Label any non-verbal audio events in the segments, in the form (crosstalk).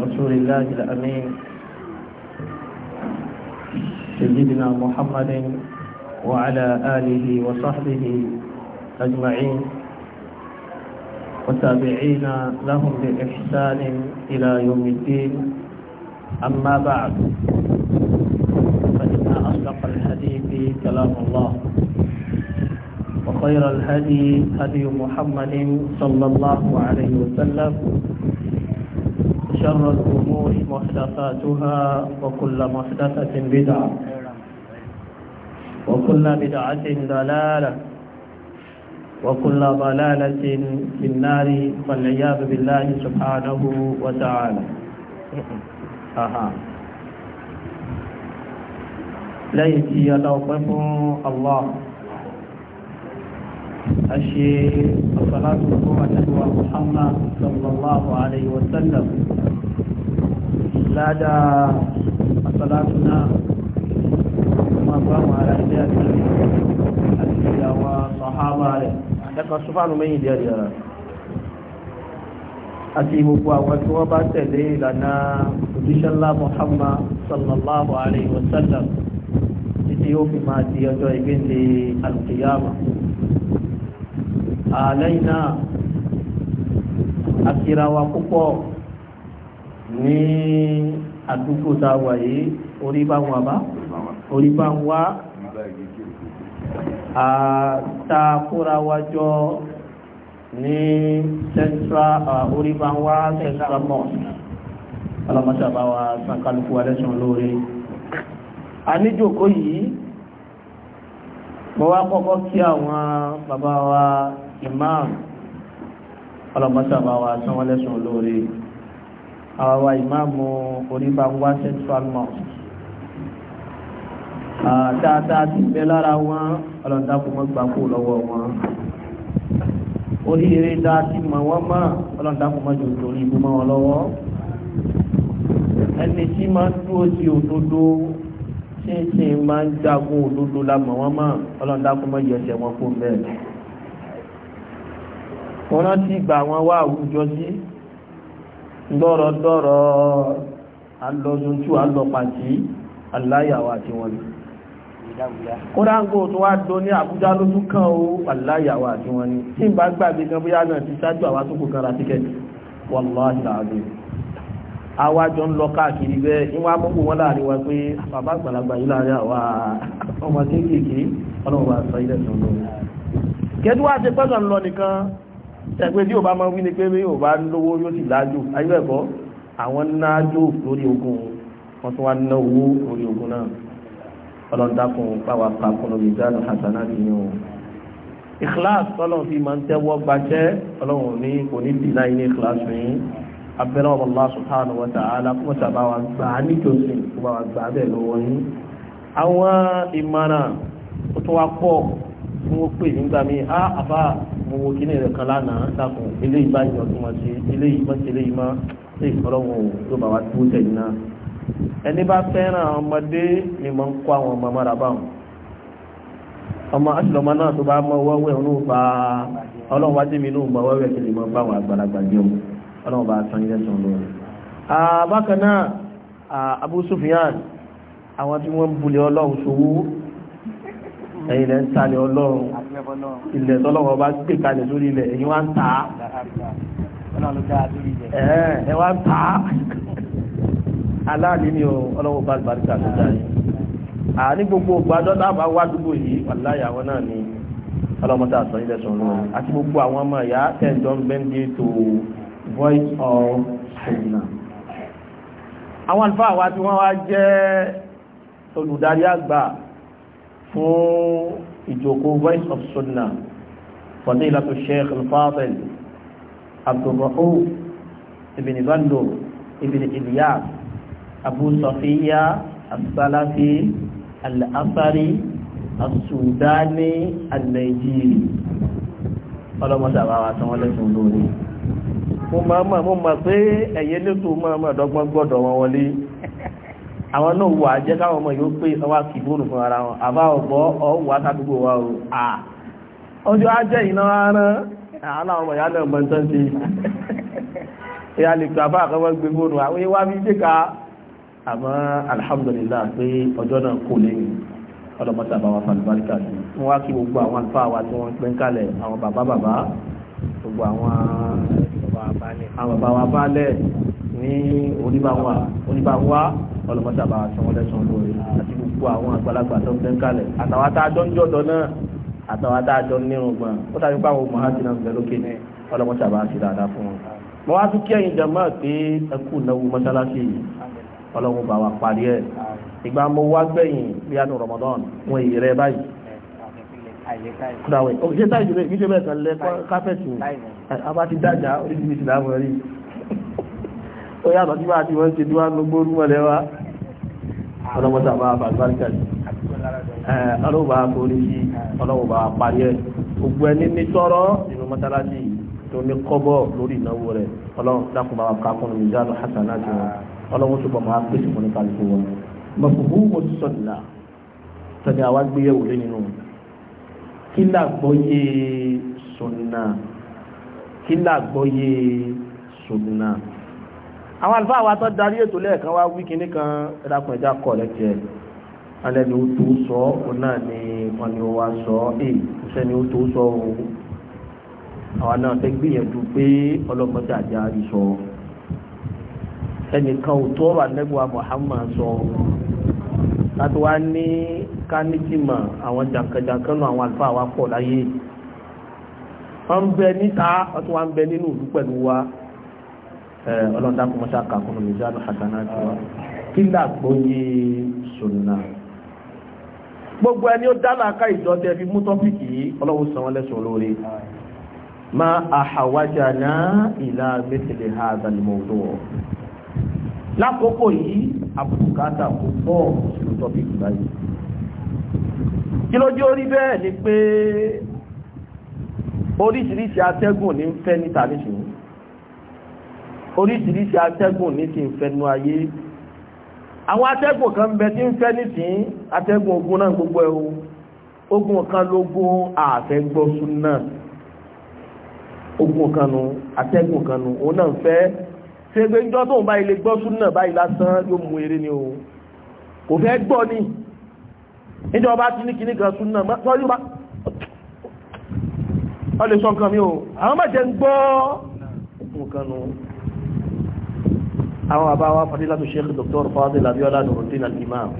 رسول الله الأمين سيدنا محمد وعلى آله وصحبه أجمعين وتابعين لهم بإحسان إلى يوم الدين أما بعد فإن أصدق الحديث كلام الله وخير الهدي هدي محمد صلى الله عليه وسلم وشر الأمور محدثاتها وكل محدثة بدعة وكل بدعة ضلالة وكل ضلالة في النار والعياذ بالله سبحانه وتعالى أها ليتي يتوقف الله أشي الصلاة والسلام على محمد صلى الله عليه وسلم لدى صلاتنا ما قام على إيدينا الأنبياء والصحابة لك سبحانه من يدينا àti gbogbo àwọn tí wọ́n bá tẹ̀lé ìlànà òjíṣẹ́lá Muhammad sallallahu alayhi wa sallam títí ó fi máa di ọjọ́ ìgbéǹde al-qiyamah àlẹ́yìn náà akira wa púpọ̀ ní àdúgbò tá a wà yìí orí bá wọn bá orí bá ń wá àtàkóra wa jọ ní central orí bá ń wá central mosque alamọ́sá bá wa san kálukú alẹ́sùn lórí àníjòkó yìí mo wá kọ́kọ́ kí àwọn bàbá wa imam ọlọ́mọ́sàbà wa san wọ́n lẹ́sùn olóore àwàwà ìmáàmù oníbàwá central mosque dáadáa ti bẹ lára wọn ọlọ́dàkùnmọ́ gbàkú lọ́wọ́ wọn oríire dáa ti mọ̀ wọ́n mọ́ ọlọ́dàkùnmọ́ jù torí ibú mọ́ wọn lọ́wọ́ ẹni tí máa ń dúró sí òdodo tí máa ń jagun òdodo la mọ̀ wọ́n mọ́ ọlọ́dàkùnmọ́ yẹsẹ̀ wọn fún bẹ́ẹ̀ wọ́n rántí ìgbà wọn wá àwùjọ sí dọ́rọ̀dọ́rọ̀ alọ́dúntú alọ́pàtí aláyàwó àti wọn ni kódà ń kó tó wá dó ní àbújá ló tún kàn ó aláyàwó àti wọn ni tí n bá gbàgbé kan bóyá náà ti ṣáájú àwa tó kò kan ra tíkẹ́ẹ̀tì wàláhì àdúrà àwa wa pé bàbá àgbàlagbà yìí wa sọ ilẹ̀ sọ̀rọ̀ pẹ́sàn lọ nìkan ṣẹ̀pẹ́ tí yorùbá máa ń wí ni pé yorùbá lówó yóò sì lájú ayé ẹ̀kọ́ àwọn náájú lórí ogun wọn tún wá ná owó lórí ogun náà ọlọ́dàkùn báwa kàkùn lórí ìdáná hasana ti ní o ikhlas tọ́lọ́n fi máa ń tẹ́wọ́ gbaṣẹ́ ọlọ́run ní kò ní dìnnà yín ní ikhlas yín abẹ́rẹ́ ọmọ Allah subhanahu wa ta'ala kó mọ̀tà bá wa gbà á níjọsìn kó bá wa gbà á bẹ́ẹ̀ lọ́wọ́ yín àwọn ìmọ̀ràn tó tún wá pọ̀ fún ó pè nígbà míì á àbá mo wo kíní rẹ̀ kan lánàá dákun eléyìí báyìí ọtún wọn ṣe eléyìí mọ́ ṣe eléyìí mọ́ ṣe ìfọlọ́wọ́ tó bá wa tó tẹ̀yìn náà ẹni bá fẹ́ràn ọmọdé ni mo ń kó àwọn ọmọ mọ́ra báwọn ọmọ náà tó bá mọ wọ́wẹ́ òun bá ọlọ́run wájú mi ní ìmọ̀ wẹ́wẹ́ kí ni mo bá àwọn àgbàlagbà jẹun ọlọ́run bá san ilé san lórí. bákan Abu Sufyan àwọn tí wọ́n ń bulẹ̀ ọlọ́run ṣòwò ẹ̀yìn ń sálẹ̀ ọlọ́run ilẹ̀ tọ́lọ́wọ́ bá pè kalẹ̀ sórí ilẹ̀ ẹ̀yin wá ń tà á ẹ wá ń tà á aláàlú ni ọlọ́wọ́ bá gbàdúrà tó dá yìí àní gbogbo gbàdọ́ta bá wá dúgbò yìí wàláyà wọn náà ni ọlọ́mọdé àtọ́ ilẹ̀ sọ̀rọ̀ lọ́wọ́ àti gbogbo àwọn ọmọ ìyá tẹ̀jọ́ ń bẹ́ndé tó voice of ṣẹ̀yìnà àwọn àlùfáà wa tí wọ́n wá jẹ́ olùdarí àgbà fún ìjókòó voice of sunnah fadilatu sheikh al-fadil abdulrahman ibn bando ibn ilyas abu safiya Al Salafi, al-asari asudani al-nàìjírí ọlọ́mọdé àwọn àtàwọn lẹ́sùn lórí mo máa mọ̀ pé ẹ̀yẹ́ lẹ́tọ̀ọ́ máa mọ̀ dọ́gbọ́n gbọ́dọ̀ wọn wọlé àwọn náà wà jẹ́ káwọn ọmọ yóò pé ọwá kì bóònù fún ara wọn àbá ọ̀gbọ́ ọwọ́ àtàdúgbò wa o à ọjọ́ ajẹ́ iná ara aláwọn ọmọ ìyálẹ̀ ọmọ ìtọ́ ti ìyá lè gbà bá àkọ́wọ́ gbé bóònù àwọn ìwà mi dé ka àmọ́ alhamdulillah pé ọjọ́ náà kò lẹ́yìn ọlọ́mọta wa fàlùbáríkà sí wọ́n wá kí gbogbo àwọn wa tí wọ́n pín kalẹ̀ àwọn bàbá ní oníbàwà oníbàwà ọlọmọdàbà sọmọdẹsán lórí àti gbogbo àwọn àgbàlagbà tó ń bẹ ń kalẹ̀ àtàwọn àtàjọ ń jọdọ náà àtàwọn àtàjọ ń nírun gbọn ó tàbí pé àwọn mọ̀hásí náà lókè ní ọlọmọdàbà sí dáadáa fún wọn. mo wá tún kí ẹ̀yin jàmbá pé ẹ náwó mọ́ṣáláṣí yìí bá wa parí ẹ̀ ìgbà mo wá gbẹ̀yìn bí a ní Ramadan wọn èyí rẹ báyìí kúràwẹ̀ òṣìṣẹ́ táyì ó yàtọ̀ tí máa ti wọ́n ṣe dúwà gbogbo orúmọ̀lẹ́ wa ọlọ́mọta bá bàbáríkà sí ọlọ́wọ́ bá borí sí ọlọ́wọ́ bá parí ẹ̀ gbogbo ẹni ní tọ́rọ́ nínú mọ́tálásí tó ní kọ́bọ̀ lórí ìnáwó rẹ̀ ọlọ́run dákun bá ká fún mi jáde hasan láti wọn ọlọ́run tó bọ̀ máa pèsè fún ní kálukú wọn. mọ̀fùfú mo ti sọ̀dìlà tọ́jà wa gbé yẹ̀wò lé nínú kí làgbọ́yé sùnnà kí làgbọ́yé sùnnà àwọn àlùfáà wa tó darí ètò lẹ́ẹ̀kan wá wí kíní kan ẹ̀dàkùn ẹ̀já kọ̀ lẹ́kẹ̀ alẹ́ ni ó tó sọ ọ́ náà ni wọ́n ni ó wá sọ ẹ̀ iṣẹ́ ni ó tó sọ ọ́ àwọn náà fẹ́ gbìyànjú pé ọlọ́mọdé àti Muhammad sọ láti wá ní káníkìmọ̀ àwọn jàǹkànjàǹkàn náà àwọn àlùfáà wa pọ̀ láyé wa ọlọ́dà kò mọ́ṣá kàkúnnù mi jáde àtàná tí wọ́n kí làgbó yé sùnà. gbogbo ẹni ó dá làákà ìjọ tẹ fi mú tọ́pìkì yìí ọlọ́wọ́ san wọn lẹ́sùn lórí. ma àhàwájà náà ìlà mẹ́tẹ̀lẹ̀ ha àdàlùmọ̀ọ́dọ̀ wọ̀. lákòókò yìí àbùkátà kò bọ́ sínú tọ́pìkì báyìí. kí ló dé orí bẹ́ẹ̀ ni pé oríṣiríṣi atẹ́gùn ní fẹ́ níta níṣìí oríṣiríṣi atẹ́gùn ní ti ń fẹnu ayé àwọn atẹ́gùn kan bẹ tí ń fẹ́ nìsín atẹ́gùn ogun náà gbogbo ẹ̀ o ogun kan lógún àfẹ́gbọ́sùn náà ogun kan nu atẹ́gùn kan nu òun náà ń fẹ́ ṣe pé njọ́ tóun báyìí lè gbọ́ súnà báyìí lásán yóò mú eré ni o kò fẹ́ gbọ́ ni níjọba tí ní kíní kan súnà lọ́yún bá ọ lè sọ nǹkan mi o àwọn má jẹ́ ń gbọ́ ogun kan nu àwọn bàbá wa fadilatu sheikh dr fadil abiola nuruddin al-imam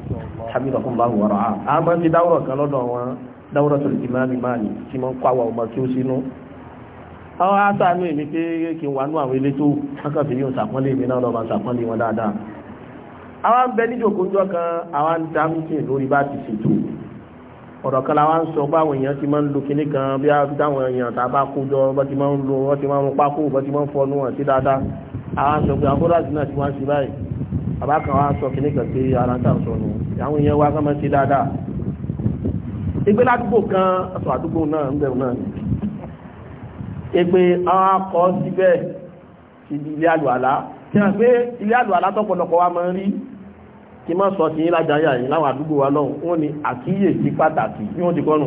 hamidullah wa ra'a a máa ń di dáwọ̀rọ̀ kan lọ́dọ̀ wọn dáwọ̀rọ̀ tó lè máa ní máa ní tí wọ́n kọ́ àwọn ọmọ tí ó sínú àwọn aṣáánú èmi pé kí n wà nú àwọn ilé tó kọ́kọ́ sí yóò sàpọ́nlé mi náà lọ́ba sàpọ́nlé wọn dáadáa àwọn ń bẹ níjòkójọ́ kan àwọn ń dá mítìn lórí bá ti ṣètò ọ̀rọ̀ kan láwọn ń sọ báwọn èèyàn ti máa ń lo kinní kan bí táwọn èèyàn tá a bá kó jọ bọ́ ti máa ń lo ti máa ń pákó bọ́ ti máa ń fọnú wọn sí àwọn aṣọ pé àwọn bọ́láàdì náà ti wá ń báyìí bàbá kan wá sọ kìíní kan pé ara ń sọ nù àwọn èèyàn wa kàn máa ṣe dáadáa ìgbé ládùúgbò kan aṣọ àdúgbò náà ń bẹ̀rù náà ni pé àwọn akọ síbẹ̀ síbi ilé àlùalá tí wọ́n pé ilé àlùalá tọ́pọ̀lọpọ̀ wa máa ń rí kí má sọ sí lájáyà yìí láwọn àdúgbò wa lọ́hùn wọn ni àkíyèsí pàtàkì bí wọ́n ti kọ́nù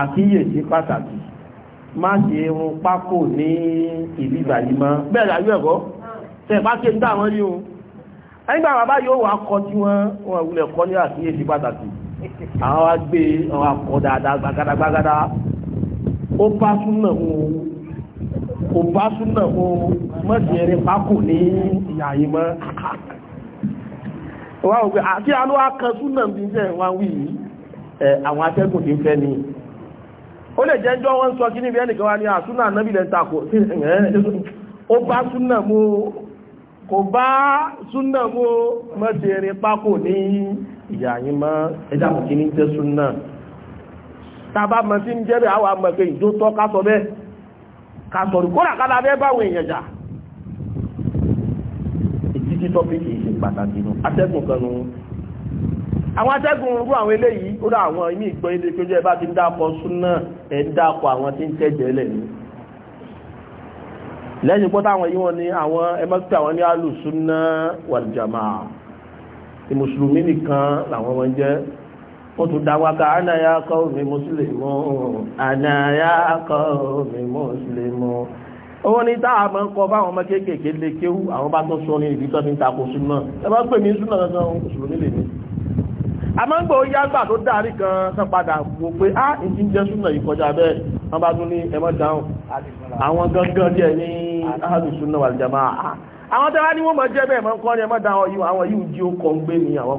àkíyèsí pàtàkì má ṣe irun pákó ní ìlú ìbàyí mọ́ bẹ́ẹ̀ ni ẹ̀kọ́ tẹ̀bá ṣe ń dá wọn rí o ẹgbà bàbá yóò wà kọ tí wọ́n wọ́n wulẹ̀ kọ́ ní àkíyèsí pàtàkì àwọn wa gbé ọ̀rọ̀ akọ dáadáa gbagadagbagada ó bá súnà o kò bá súnà o mọ̀sẹ̀rẹ̀ pákó ní ìyá yìí mọ́ wọ́n wọ́n pé àti àlọ́ akọ súnà bí jẹ́ wọn wí àwọn atẹ́gùn ti fẹ́ ni ó lè jẹ́ jọ́ wọn sọ kí níbi ẹnìkan wa ní àsúnà nábìlẹ̀ ń takò ó bá súnà mú kò bá súnà mú mọ́sí erin pákò ní ìyà yìí mọ́ ẹjà kò kí ní jẹ́ súnà tàbá mọ́ sí ń jẹ́rẹ̀ àwọn amọ̀gbẹ̀ ìjó tọ́ kásọ bẹ́ẹ̀ kásọ rí kódà kádà bẹ́ẹ̀ báwọn èèyàn jà ìtítí tọ́pìkì ìṣe pàtàkì nù atẹ́gùn kan nù àwọn atẹ́gùn rú àwọn eléyìí ó dá àwọn imí ìgbọ́ ilé tó jẹ́ lẹ́yìn pọ́ táwọn yíwọ́n ní àwọn ẹmọ́sí àwọn ní alùsúnná wàlìjàmà tí mùsùlùmí nìkan làwọn wọn jẹ́ wọ́n tún dáwàká anáyà kọ́ọ̀mí mùsùlùmù anáyà kọ́ọ̀mí mùsùlùmù owó ní táà mọ́ kọ báwọn ọmọ kéékèèké lè kéwú àwọn bá tó sọ ní ìdí tó takò súnmọ́ àmọ́ngbò yágbà tó dárí kan tán padà wò pé á ìdí jẹ́ súnà ìkọjá bẹ́ẹ̀ wọ́n bá tún ní ẹmọ́ dáhùn àwọn gangan díẹ̀ ní ahàlù súnà wal jamaa àwọn tẹ́wàá ní wọ́n mọ̀ jẹ́ bẹ́ẹ̀ mọ́ kọ́ ní ẹmọ́ dáhùn yìí àwọn yìí jí ó kọ́ ń gbé ní àwọn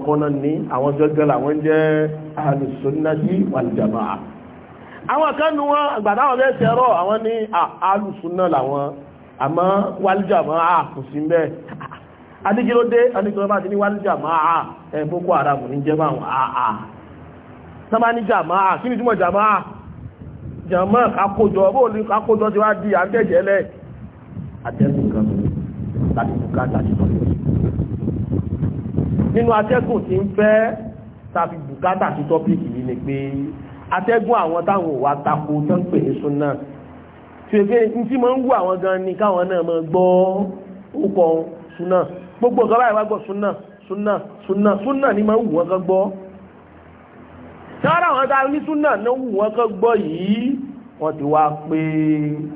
kọ́nà ní adíjílódé anìjọba ti ní wá ní jàmáà ẹ̀ boko haram ní jẹ́ báwọn àà sábà ní jàmáà kí ni túmọ̀ jàmáà jàmáà kakójọ bó ní kakójọ ti wá di àjẹjẹlẹ atẹ́gùn kan láti bùkà láti tọ́ nínú atẹ́gùn tí ń fẹ́ tàbí bùkátà sí tọ́pìkì yìí ni pé atẹ́gùn àwọn táwọn òwà tako tó ń pè ní gbogbo nǹkan báyìí wá gbọ́ súnà súnà súnà súnà ni máa ń wù wọ́n kan gbọ́ sára àwọn tá a ní súnà ní wù wọ́n kan gbọ́ yìí wọ́n ti wá pé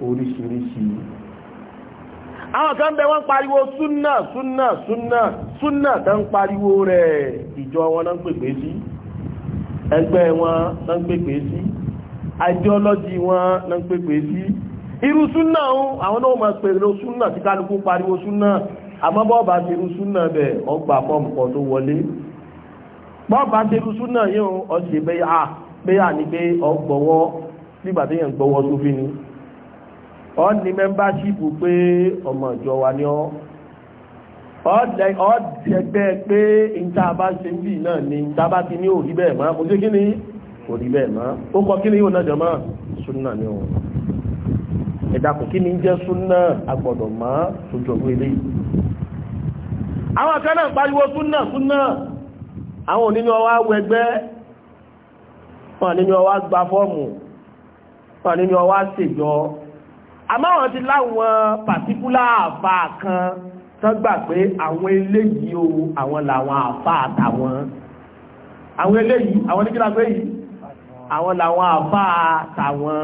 oríṣiríṣi àwọn kan bẹ wọ́n pariwo súnà súnà súnà súnà tó ń pariwo rẹ̀ ìjọ wọn náà ń pèpè sí ẹgbẹ́ wọn náà ń pèpè sí ideology wọn náà ń sí irú súnà àwọn náà wọ́n máa súnà tí kálukú pariwo súnà àmọ́ bọ́ọ̀bá ti rú súnà bẹ̀ ọgbà fọ́ọ̀mù kan tó wọlé bọ́ọ̀bá ti rú súnà yíò ọ̀sẹ̀ bẹ́yà bẹ́yà ní pé ọgbọ̀wọ́ nígbà tí yẹn gbọ́wọ́ sófí ni ọ ní mẹ́mbáṣípù pé ọmọ ìjọ wa ni ọ ọ̀dẹ̀gbẹ́ pé ìta bá ṣe ń bì náà ni ìta bá ti ní òrí bẹ́ẹ̀ mọ́ kò sí kí ni òrí bẹ́ẹ̀ mọ́ ó kọ kí ni yóò náà jọ mọ́ súnà ni ọ ẹ̀dàkùn kí ni jẹ́ súnà agbọ́dọ̀ mọ́ tuntun eléyìí àwọn kan náà pariwo súnà súnà àwọn òní ni wọ́n wá wẹgbẹ́ wọ́n ní ni wọ́n wá gba fọ́ọ̀mù wọ́n ní ni wọ́n wá ṣèjọ àmọ́ àwọn ti láwọn pàtíkúlà àfà kan tán gbà pé àwọn eléyìí o àwọn làwọn àfà àtàwọn àwọn eléyìí àwọn nígbìlá pé yìí àwọn làwọn àfà àtàwọn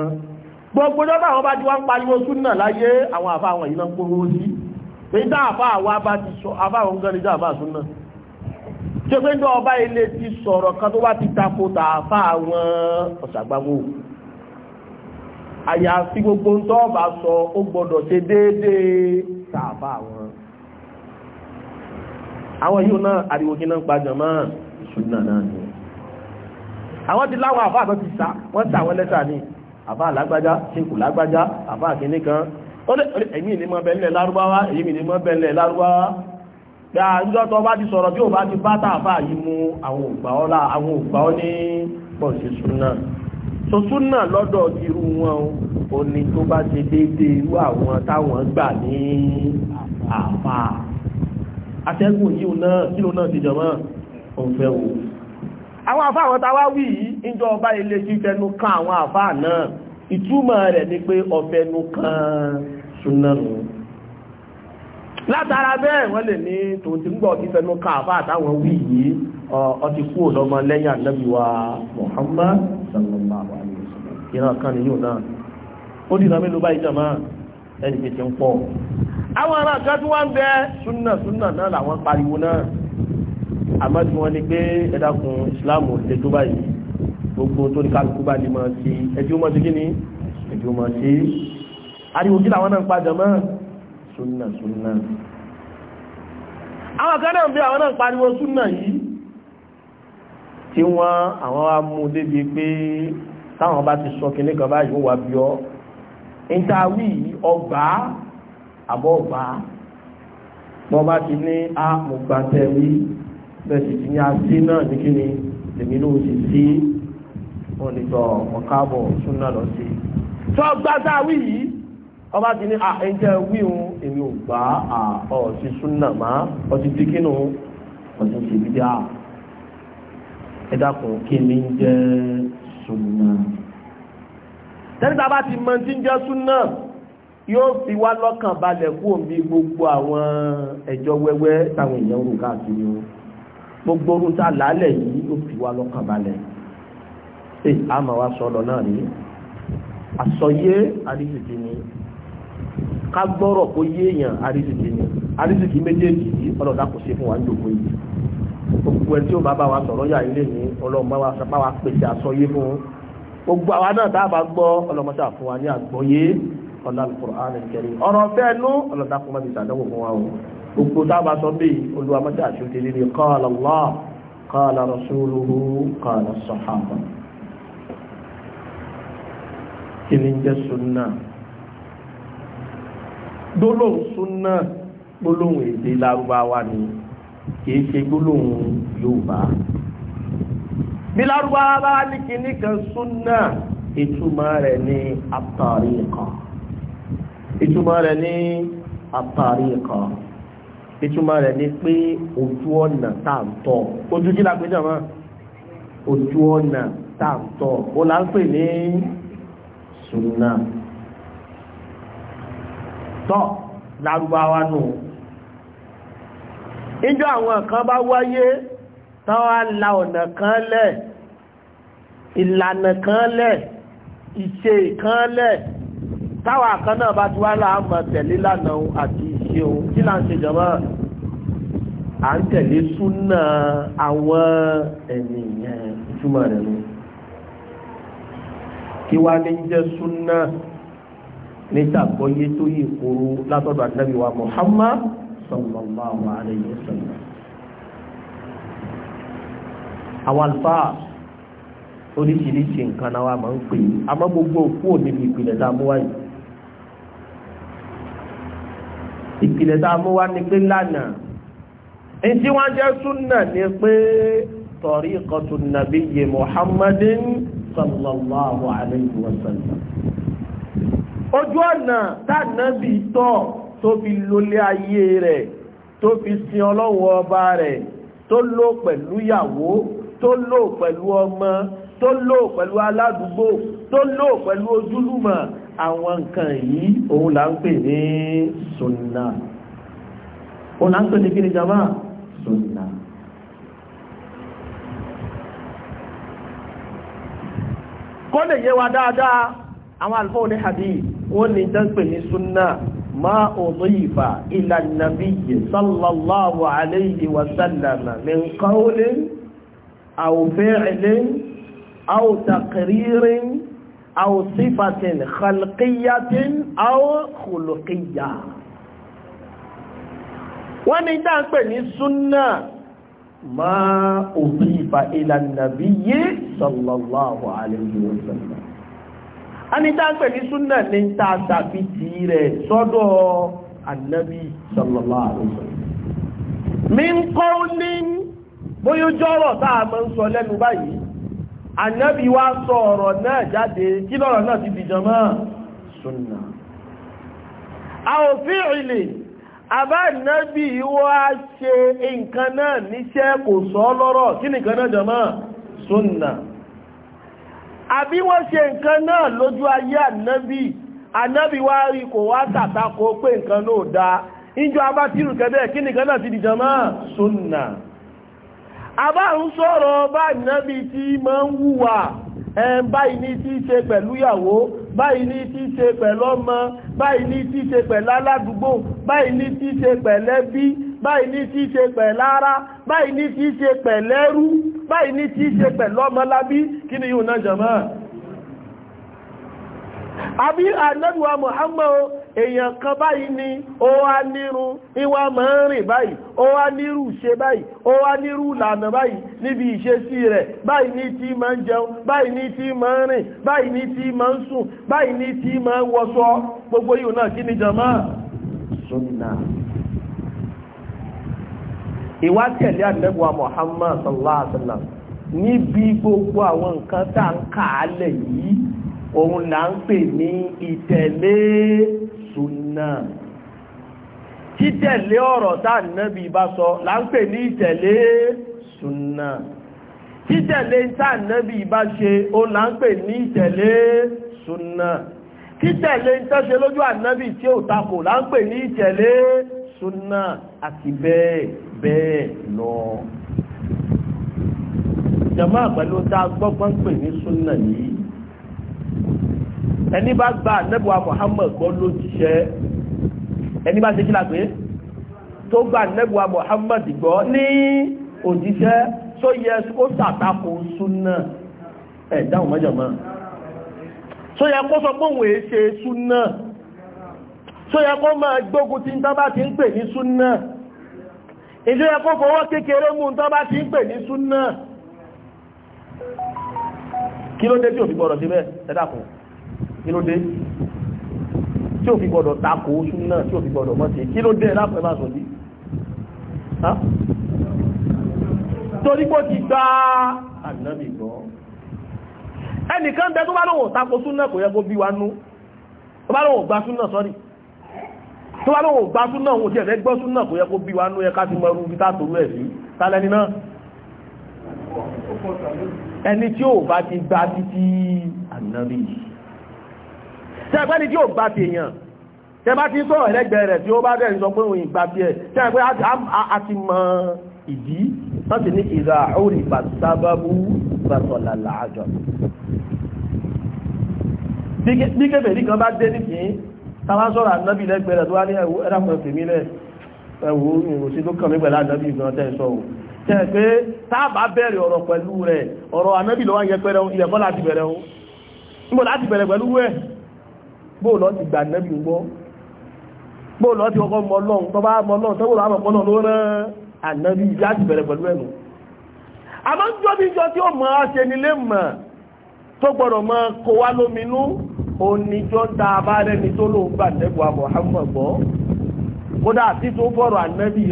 gbogbo náà àwọn bá ti wá ń pariwo súnà láyé àwọn àfà àwọn yìí náà kóró sí pé dáàfà àwa bá ti sọ afáwọn nǹkan ní dáàfà súnà ṣe pé ní ọba ilé ti sọ̀rọ̀ kan tó bá ti tako tààfà àwọn ọ̀sàgbàwò àyàfi gbogbo ń tọ́ọ̀bà sọ ó gbọ́dọ̀ ṣe déédéé tààfà àwọn àwọn ni àwọn ti láwọn àfáà tó ti sá wọ́n sá àwọn lẹ́tà ní àfáà lágbájá ṣe kù èmi ni mọ́ bẹ̀lẹ̀ lárúbáwá èmi ni mọ́ bẹ̀lẹ̀ lárúbáwá dáadọ́ tó bá ti sọ̀rọ̀ tí ó bá ti bá tààfà yìí mú àwọn ògbà ọlá àwọn ògbà ọ ní pọ̀ sí súnà so súnà lọ́dọ̀ irú wọn o ní tó bá ti dédé irú ìtumọ̀ rẹ̀ ni pé ọ̀fẹ́nu kan súnà nù látara bẹ́ẹ̀ wọ́n lè ní tó ti ń gbọ́ ti fẹnu ká àfá àtàwọn wí yìí ọtí kú ọ̀dọ́mọ lẹ́yìn ànábì wa Muhammad sallallahu alaihi wasallam ìran kan ni yóò náà ó dìnnà mélòó báyìí jàmá ẹni pé ti ń pọ̀ àwọn ará kan tí wọ́n ń bẹ súnà súnà náà làwọn pariwo náà àmọ́ tí wọ́n ní pé ẹ̀dàkùn ìsìláàmù lè tó báyìí gbogbo tó ní kálukú bá lè mọ̀ sí ẹjú mọ́ sí kíní ẹjú mọ́ sí ariwo kí làwọn náà ń pàjọ mọ́ súnà súnà àwọn kan náà bí àwọn náà pariwo súnà yìí tí wọ́n àwọn wá mú débi pé táwọn bá ti sọ kíní kan báyìí ó wà bí ọ́ ìtawí ọgbà àbọ̀ ọgbà wọ́n bá ti ní a mọ̀gbà tẹ̀wí bẹ́ẹ̀ sì ti ní a sí náà ní kíní èmi ló sì sí wọn ni tọ ọ̀kaàbọ̀ súnà lọ sí i tọ́ gbàtà wí yìí ọba ti ní à ń jẹ́ wíhun èmi ò gbà á ọ̀sí súnà má ọtí ti kínú ọtí ti bí dá ẹ dákun kí ni ń jẹ́ súnà. tẹ́lifà bá ti mọ tí ń jẹ́ súnà yóò fi wá lọ́kàn balẹ̀ kú òmí gbogbo àwọn ẹjọ́ wẹ́wẹ́ táwọn èèyàn ń rò káàkiri o gbogbo orun tá yìí yóò fi wá lọ́kàn balẹ̀ ṣe àmà wa sọ̀rọ̀ náà ní àsọyé àríṣìkí ni ká gbọ́rọ̀ kó yé èèyàn àríṣìkí ni àríṣìkí méjèèjì yìí ọlọ́dà kò ṣe fún wa ń dòkó yìí gbogbo ẹni tí ó bá bá wa sọ̀rọ̀ yà ilé ní ọlọ́mọ wa sọ wa pèsè àsọyé fún gbogbo àwa náà tá a bá gbọ́ ọlọ́mọṣà fún wa ní àgbọ́yé Al-Qur'an al ọ̀rọ̀ fẹ́ẹ́nu ọlọ́dà kò má fi sàdánwò fún wa o gbogbo tá a bá sọ bíi olùwàmọ́ṣà àṣ kí ni jẹ́ súnà gbólóhùn súnà gbólóhùn èdè lárúbáwá ni kìí ṣe gbólóhùn yorùbá bí lárúbáwá bá ní kíní kan súnà ìtumọ̀ rẹ̀ ní àtàríkà ìtumọ̀ rẹ̀ ní àtàríkà ìtumọ̀ rẹ̀ ní pé ojú ọ̀nà táàntọ̀ ojú kí la pè jàmá ojú ọ̀nà táàntọ̀ ó là ń pè ní sunna tọ́ lárúbáwá nù ìjọ àwọn kan bá wáyé táwọn la ọ̀nà kan lẹ̀ ìlànà kan lẹ̀ ìṣe kan lẹ̀ táwọn kan náà bá ti wá láàmọ̀ tẹ̀lé lánàá àti ìṣe ohun tí là ń ṣe jọmọ́ à ń tẹ̀lé súnà àwọn ènìyàn ìtumọ̀ rẹ̀ nù kí wá ní jẹ́ súnà nígbàgbọ́yé tó yí ìkoro látọ̀dọ̀ ànábì wa Muhammad sallallahu alayhi wa sallam. àwọn àlùfáà oríṣiríṣi nǹkan náà wà máa ń pè é àmọ́ gbogbo òkú òní bí ìpìlẹ̀ tá a mú wáyé. ìpìlẹ̀ tá a mú wá ni pé lánàá ẹni tí wọ́n jẹ́ súnà ni pé tariqatu nabiyyi Muhammadin sallallahu alayhi wa sallam ojú ọ̀nà tánàbí tọ́ tó fi lólé ayé rẹ̀ tó fi sin ọlọ́wọ́ ọba rẹ̀ tó lò pẹ̀lú ìyàwó tó lò pẹ̀lú ọmọ tó lò pẹ̀lú aládùúgbò tó lò pẹ̀lú ojúlùmọ̀ àwọn nǹkan yìí òun là ń pè ní sunna òun là ń pè ní kí ni jama sunna kó lè yé wa dáadáa àwọn àlùfáà ní hadith wọ́n ní dáńpẹ̀ ní súnà ma udifa ila nabiyyi sallallahu alayhi wa sallam min qawlin aw fi'lin aw khalqiyatin aw wọ́n ní dáńpẹ̀ ní súnà ma òfìfà ìlànàbí yé sallallahu alayhi wa sallam a ní tá ń pè ní súnà ní tá a tàbí ti rẹ̀ sọ́dọ̀ annabi sallallahu alayhi wa sallam mi ń kọ́ ní bóyójọ́rọ̀ tá a máa ń sọ lẹ́nu báyìí annabi wá sọ ọ̀rọ̀ náà jáde kí lọ́rọ̀ náà ti dìjọ mọ́ súnà a ò fi ìlè àbánábì wá ṣe nǹkan náà níṣẹ́ kò sọ lọ́rọ̀ kí nìkan náà jọmọ́ súnnà àbí wọ́n ṣe nǹkan náà lójú ayé ànábì ànábì wá rí kò wá tàtàkò pé nǹkan náà dáa ìjọ abá tírù kẹ́bẹ̀ kí nìkan náà ti di jọmọ́ àbá ń sọ̀rọ̀ ọba ẹn báyìí ní tí ṣe pẹ̀lú ìyàwó báyìí ní tí ṣe pẹ̀lú ọmọ báyìí ní tí ṣe pẹ̀lú aládùúgbò báyìí ní tí ṣe pẹ̀lẹ́bí báyìí ní tí ṣe pẹ̀lú ará báyìí ní tí ṣe pẹ̀lẹ́rú báyìí ní tí ṣe pẹ̀lú ọmọlábí kí ni yóò náà jọmọ́ àbí ànábì wa èèyàn kan báyìí ni ó wá nírun ìwà máa ń rìn báyìí ó wá nírú ṣe báyìí ó wá nírú ìlànà báyìí níbi ìṣesí rẹ̀ báyìí ní tí máa ń jẹun báyìí ní tí máa ń rìn báyìí ní tí máa ń sùn báyìí ní tí máa ń wọṣọ gbogbo yìí náà kí ni ìwà tẹ̀lé àdẹ́gbà Muhammad sallallahu níbi gbogbo àwọn nǹkan tá à ń kà á lẹ̀ yìí òun súnnà títẹ̀lé ọ̀rọ̀ táà nábì bá sọ là ń pè ní ìtẹ̀lé súnnà títẹ̀lé táà nábì bá ṣe ó là ń pè ní ìtẹ̀lé súnnà títẹ̀lé tẹ́ṣe lójú ànábì tí ó takò là ń pè ní ìtẹ̀lé súnnà àti bẹ́ẹ̀ bẹ́ẹ̀ lọ jàmáà pẹ̀lú tá gbọ́gbọ́n pè ní súnnà yìí ẹni bá gba ànẹ́bùwà Muhammad gbọ́ lójíṣẹ́ ẹni bá ṣe kí lápé tó gba ànẹ́bùwà Muhammad gbọ́ ní òjíṣẹ́ tó yẹ kó sàtakò súnà ẹ̀ dáhùn mọ́jọ̀mọ́ tó yẹ kó sọ pé òun èé ṣe súnà tó yẹ kó máa gbógun tí tọ́ bá ti ń pè ní súnà ìjọ yẹ kó fọwọ́ kékeré mú tọ́ bá ti ń pè ní súnà kí ló dé tí ò fi gbọ́rọ̀ síbẹ̀ ẹ̀dàkùn kí ló dé tí ò fi gbọdọ̀ takò oṣù náà tí ò fi gbọdọ̀ mọ́tẹ̀ kí ló dé lápẹ́ máa sọ sí torí pé ó ti gbá ànábì gbọ́ ẹnìkan bẹ tó bá lóhùn takò súnà kò yẹ kó bí wa nú tó bá lóhùn gbá súnà sọ́rí tó bá lóhùn gbá súnà òun jẹ́ gbọ́ súnà kò yẹ kó bí wa nú yẹ ká tẹ́gbẹ́ ni tí ó gbá ti èèyàn tẹ́ bá ti sọ̀rọ̀ ẹlẹ́gbẹ̀ẹ́ rẹ̀ tí ó bá rẹ̀ sọ pé òun ìgbà bí ẹ̀ tẹ́gbẹ́ a ti mọ ìdí láti ní ìdá orí ìbàtàbábú gbàtọ̀lá làájọ bí kébèrè kan bá dé nìkín tàbá sọ̀rọ̀ ànábì lẹ́gbẹ̀ẹ́ rẹ̀ tó wá ní ẹ̀dàpọ̀ tèmílẹ̀ ẹ̀wò ìròsí tó kàn mí pẹ̀lú ànábì gan tẹ́ sọ ò tẹ́ pé táàbà bẹ̀rẹ̀ ọ̀rọ̀ pẹ̀lú rẹ̀ ọ̀rọ̀ ànábì lọ́wọ́ yẹpẹrẹ ilẹ̀kọ́ láti bẹ̀rẹ̀ o níbo láti bẹ̀rẹ̀ pẹ̀lú rẹ̀ bóòlù ọ̀tí gbà nẹ́bì gbọ́ bóòlù ọ̀tí ọkọ̀ mọ́ ọlọ́run tó bá mọ́ ọlọ́run tẹ́bùrù àwọn ọmọ ló rán ànẹ́bì láti bẹ̀rẹ̀ pẹ̀lú ẹ̀nu àmọ́ jọ́ bí jọ tí ó mọ̀ ṣe nílé mọ̀ tó gbọ́dọ̀ mọ́ kó wá lóminú oníjọ́ ta bá rẹni tó lóun gbà nẹ́bù àmọ̀ hàmọ̀ gbọ́ kódà tí tó fọ̀rọ̀ ànẹ́bì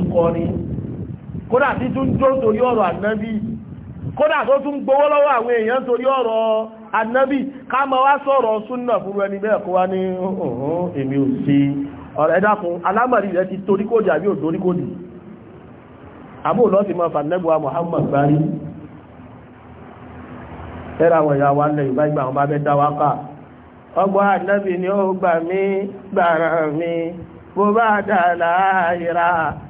anábì ká máa wá sọ̀rọ̀ súnà fúru ẹni bẹ́ẹ̀ kó wá ní ọ̀hún èmi ò sí ọ̀rọ̀ ẹ dákun alámọ̀rí rẹ ti torí àbí ò torí kòdì àbú Muhammad gbárí tẹ́ra wọ̀n ìyàwó alẹ́ ìgbà ìgbà àwọn bá ni ó gbà mí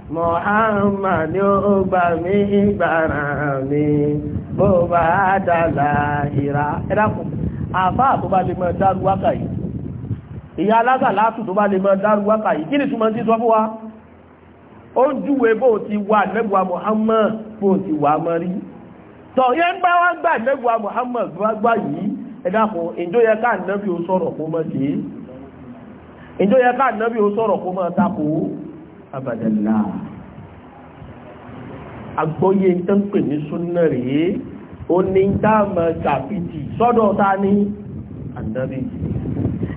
Muhammad ó gbà mí gbàrà mi bó bá dàgbà ìrà ẹ̀dàkùn àbá àbúbá lè mọ̀ dárú wákàyí ìyá alága látù tó bá lè mọ̀ dárú wákàyí kí ni túnmọ̀ tí sọ fún wa ó ń júwe bó ti wà nẹ́gbà Muhammad bó ti wà mọ́ rí tọ̀ yẹ́ ń bá wá gbà nẹ́gbà Muhammad bá gbà yìí ẹ̀dàkùn ìjó yẹ abàdàlá agbóyé tó ń pè ní súnà rèé ó ní dáàmà kàfíìtì sọ́dọ̀ ta ní ànábì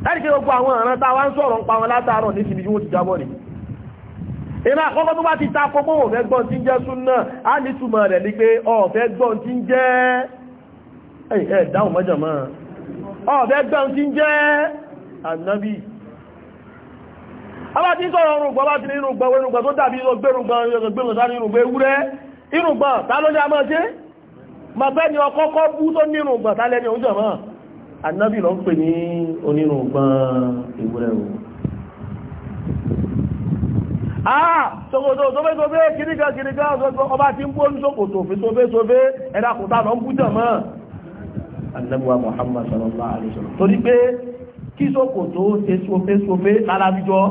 láti ṣe gbogbo àwọn ọ̀ràn táwa ń sọ̀rọ̀ ń pa wọn látàárọ̀ ní síbi tí wọ́n ti jábọ̀ ni ìrìn àkọ́kọ́ tó bá ti ta kókó ọ̀fẹ́ gbọ́n tí ń jẹ́ súnà á ní túmọ̀ rẹ̀ ní pé ọ̀fẹ́ gbọ́n tí ń jẹ́ ẹ̀ mọ́jọ̀mọ́ ọ̀fẹ́ gbọ́n tí ń jẹ́ ànábì àbá tí ń sọ̀rọ̀ orúgbọ́n bá ti ní irúgbọ́n orúgbọ́n tó dàbí gbẹ̀rùgbọ́n sáré irúgbọ́n ewúrẹ́ irúgbọ́n tá ló ní a máa ṣe ma bẹ́ ni ọkọ́kọ́ bú tó nírùngbọ̀n tálẹ́ ní oúnjẹ mọ́ annabi lọ ń pè ní onírùngbọ̀n ewúrẹ́ o àà ah, ṣòkòtò sóbésóbé kìríkà kìríkà ọba tí ń bó ní ṣòkòtò fi sóbésóbé ẹ̀dàkùtà lọ ń bú jẹ mọ́ annabi wa Muhammad sallallahu alaihi wasallam torí pé kí ṣòkòtò ṣe sóbésóbé lálábíjọ́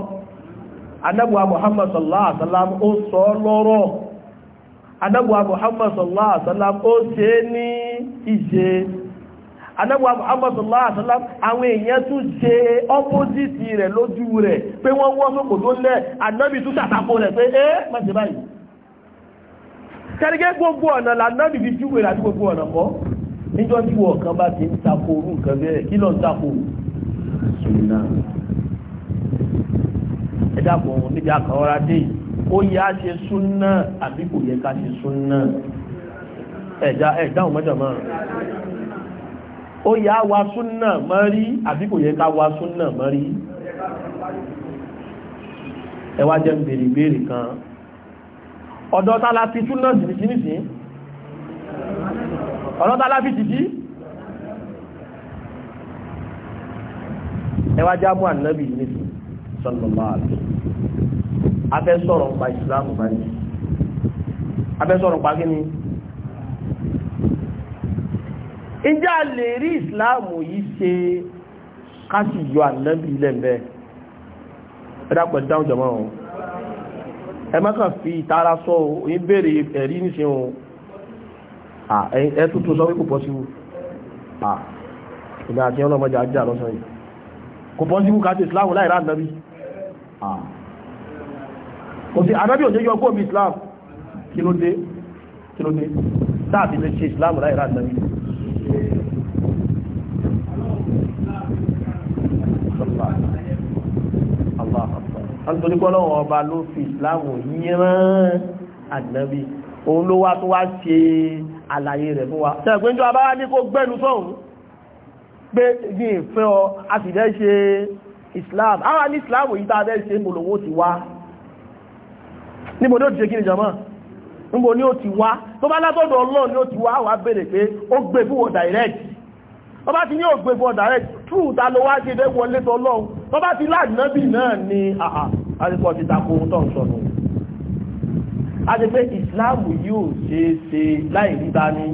anábùwà Muhammad sallallahu alaihi wasallam o sọ lọ́rọ̀ anábùwà Muhammad sallallahu alaihi wasallam ó ṣe ní ìṣe anábùwà Muhammad sallallahu alaihi wasallam àwọn èèyàn tún ṣe ọ́pọ́sìtì rẹ̀ lójú rẹ̀ pé wọ́n wọ́n mọ́kò tó lẹ́ anábì tún ṣàtakò rẹ̀ pé ẹ́ má ṣe bayi kẹ́rígẹ́ gbogbo ọ̀nà lànàbì fi júwèé gbogbo ọ̀nà kan ti ẹ̀dá kan òun níbi àkàwọ́ra dé ó yẹ á ṣe súnà àbí kò yẹ ká ṣe súnà ẹ̀dá ẹ̀dá òun mọ́jọ̀ máa ó yẹ á wa súnà mọ́ rí àbí kò yẹ ká wa súnà mọ́ rí ẹ wá jẹ́ ń béèrè ìbéèrè kan ọ̀dọ̀ tààlà fi súnà sí sí nìsí ọ̀dọ̀ tààlà fi tìtí ẹ wá já mú ànábì nìsí sallallahu alaihi wasallam afẹ́ sọ̀rọ̀ nípa ìsìláàmù báyìí afẹ́ sọ̀rọ̀ nípa kí ni ìjà lè rí ìsìláàmù yìí ṣe káṣì yọ ànábì ilẹ̀ mẹ́ ẹ̀dàpẹ̀ dáhùn jọmọ́ ọ̀hún ẹmọ́kàn fi ìtara sọ òyìn bèèrè ẹ̀rí níṣẹ́ ohun ẹ̀tútù sọ wípò pọ́síwú ìgbà àti ọlọ́mọdé ajá lọ́sàn yìí kò pọ́síwú káṣì ìsìláàmù láìrá ànábì kò sí anábí òjò yọ gómi islam kí ló dé kí ló dé tàbí lè ṣe islam láì rà nàbí nítorí kọ́lọ́wọ́ ọba ló fi islam yíran ànábì òun ló wá tó wá ṣe àlàyé rẹ̀ fún wa tẹ́gbẹ́ jọ abáwá ní islam ara ní islam yìí tàbí ṣe ń bolówó ti wá níbo ní ó ti ṣe kí ni jama níbo ní ó ti wá tó bá látọ̀dọ̀ ọlọ́run ní ó ti wá wà bèèrè pé ó gbé fún wọn direct tó bá ti ní ó gbé fún wọn direct true ta ló wá ṣe fẹ́ wọlé tọlọ́run tó bá ti láàdínábì náà ni àà àríkọ̀ ti tako tó ń sọnù a ti pé islam yóò ṣe ṣe láì ríta ní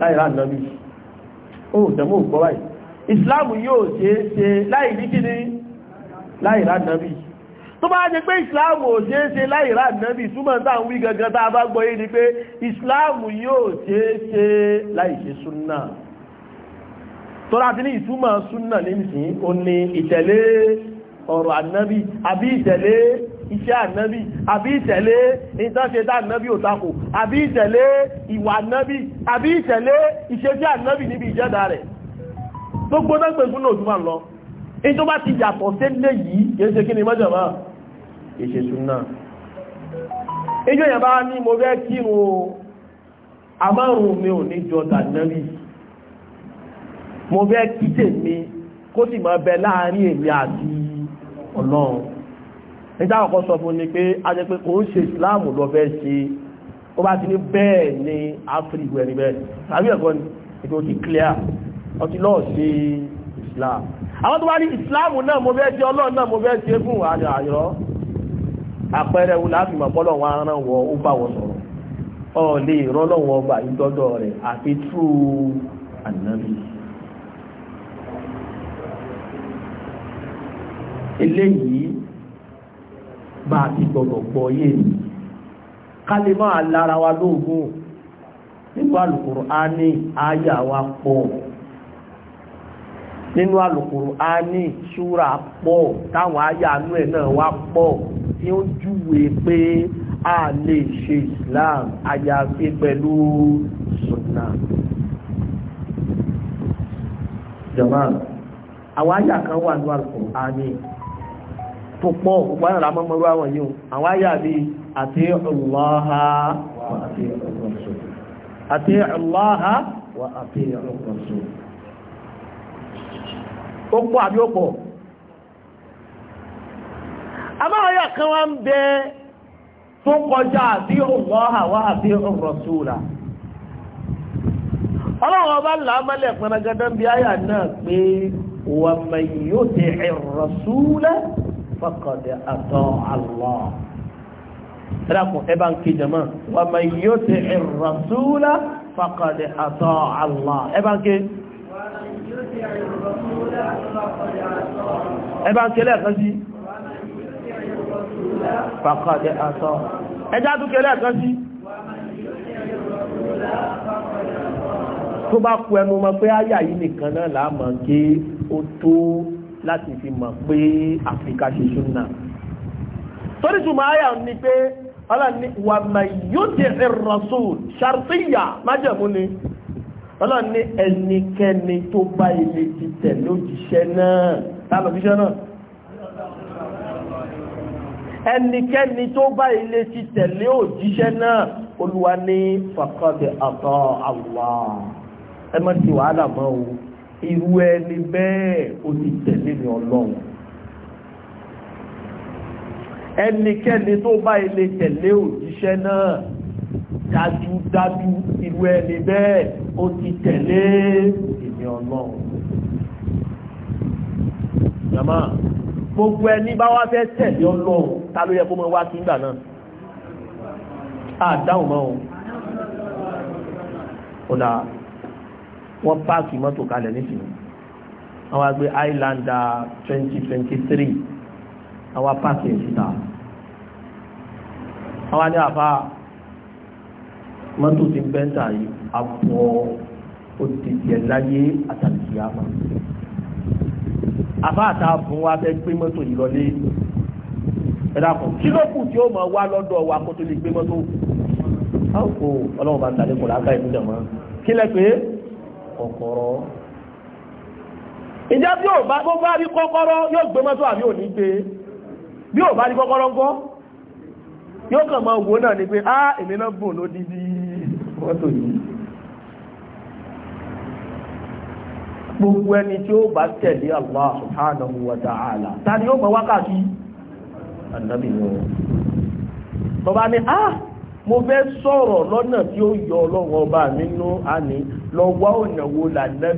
láì ráàdínábì ó báyìí islam yóò ṣe é ṣe láì ní kíni láì ránàbì tó bá jẹ́ pé islam ò ṣe é ṣe láì ránàbì túmọ̀ táà ń wí gangan tá a bá gbọ́yé ni pé islam yóò ṣe é ṣe láì ṣe súnà tọ́lá ti ní ìtumọ̀ súnà nísìnyí ó ní ìtẹ̀lé ọ̀rọ̀ ànábì àbí gbogbo dágbé fún náà túnmà lọ in tó bá ti yàtọ̀ sílé yìí kìí ṣe kí ni mọ́jọ̀mọ́ ìṣe súnà ijó yẹn bá ní mo fẹ́ kírun amárùn mi ò ní jọ tàbí mo fẹ́ kí tèmi kó sì máa bẹ láàrin èmi àti ọlọ́run nígbà àkọ́kọ́ sọ fún ni pé a jẹ́ pé kò ń ṣe ìsìláàmù lọ fẹ́ ṣe ó bá ti ní bẹ́ẹ̀ ni áfíríkù ẹni bẹ́ẹ̀ tàbí ẹ̀kọ́ ni ètò ti clear ọtí lọ́ọ̀ sí islam àwọn tó wá ní islam náà mo fẹ́ ṣe ọlọ́run náà mo fẹ́ ṣe fún àjọ àyọ́ àpẹẹrẹ wo láti mọ̀ pọ́lọ̀ wọn aràn wọ ó bá wọn sọ̀rọ̀ ọ lè rọ́lọ́wọ́ ọgbà ìdọ́dọ̀ rẹ̀ àti tú ànábì eléyìí bá ti gbọ̀dọ̀ gbọ́ yé mi ká máa lára wa lóògùn nípa Al-Kùránì àyà wa pọ̀ nínú àlùkùrù a ní ìṣúra pọ̀ táwọn ayánú ẹ̀ náà wá pọ̀ tí ó júwe pé a lè ṣe Islam àyàfi pẹ̀lú sunna jọba àwọn kan wà ní àlùkùrù a ní tó pọ̀ púpọ̀ náà mọ́mọ́rú àwọn yíò àwọn ayà bí àti àti àti ó pọ̀ àbí ó pọ̀ àbáwọ̀yà kan wá ń bẹ tó kọjá àti Allah wa àti Rasula ọlọ́run ọba làámọ́lẹ̀ pẹ̀lẹ́gẹ́dẹ́ bí àyà náà pé wa man yuti'i Rasula faqad Allah ẹ̀dàkùn wa Rasula Allah ẹbá ń kẹlẹ̀ ẹ̀kan sí fàkàdẹ̀ àtọ́ ẹjá tún kẹlẹ̀ ẹ̀kan sí tó bá kú ẹnu mọ́ pé áyà yìí nìkan náà láàmọ̀ kí ó tó láti fi mọ̀ pé Áfíríkà ṣe súnà torí túnmọ̀ áyà ní pé ọlọ́ni wà mà yóò tẹ̀ ẹ̀rọ̀sùn ṣàrtíyà májẹ̀mú ni ọlọ́run ní ẹnikẹ́ni tó bá ilé ti tẹ̀ lójíṣẹ́ náà tálọ́jíṣẹ́ náà ẹnikẹ́ni tó bá ilé ti tẹ̀lé òjíṣẹ́ náà olúwa ní faqad ata Allah ẹ má ti wàhálà mọ́ o irú ẹni bẹ́ẹ̀ ó ti tẹ̀lé ní ọlọ́run ẹnikẹ́ni tó bá ilé tẹ̀lé òjíṣẹ́ náà dájúdájú irú ẹni bẹ́ẹ̀ ó ti tẹ̀lé ìmì ọlọ́run jama gbogbo ẹni bá wá fẹ́ tẹ̀lé ọlọ́run ta ló yẹ kó mọ wá sí ìgbà náà àdáhùn mọ́ o kódà wọ́n páàkì mọ́tò kalẹ̀ nísìnyí àwọn agbé islander 2023. twenty three àwọn páàkì ẹ̀ síta àwọn ní àfáà mọ́tò ti bẹ́ńtà yìí àpọ̀ òtìtì ẹ̀láyé àtàlìkìyàmà àbáàtà fún wa fẹ́ gbé mọ́tò yìí lọlé ẹ̀dàkùn kí ló kù tí ó mọ̀ wá lọ́dọ̀ wa kó tó lè gbé mọ́tò káàkó ọlọ́run bá tàlẹ́ kùnà áká ìlú jẹ̀mọ́ kí lẹ pé kọ́kọ́rọ́ ìjẹ́ bí ò bá bó bá rí kọ́kọ́rọ́ yóò gbé mọ́tò àbí ò ní gbé bí ò bá rí kọ́kọ́rọ́ ńkọ́ yóò kàn máa wò náà ni pé á èmi náà bùn lódìdí mọ́tò gbogbo ẹni tí ó bá tẹ̀lé Allah subhanahu wa ta'ala ta ni ó mọ̀ wákàtí ànábì lọ bá ní ah mo fẹ́ sọ̀rọ̀ lọ́nà tí ó yọ ọlọ́wọ́ bá mi a àní lọ́wọ́ ọ̀nà wo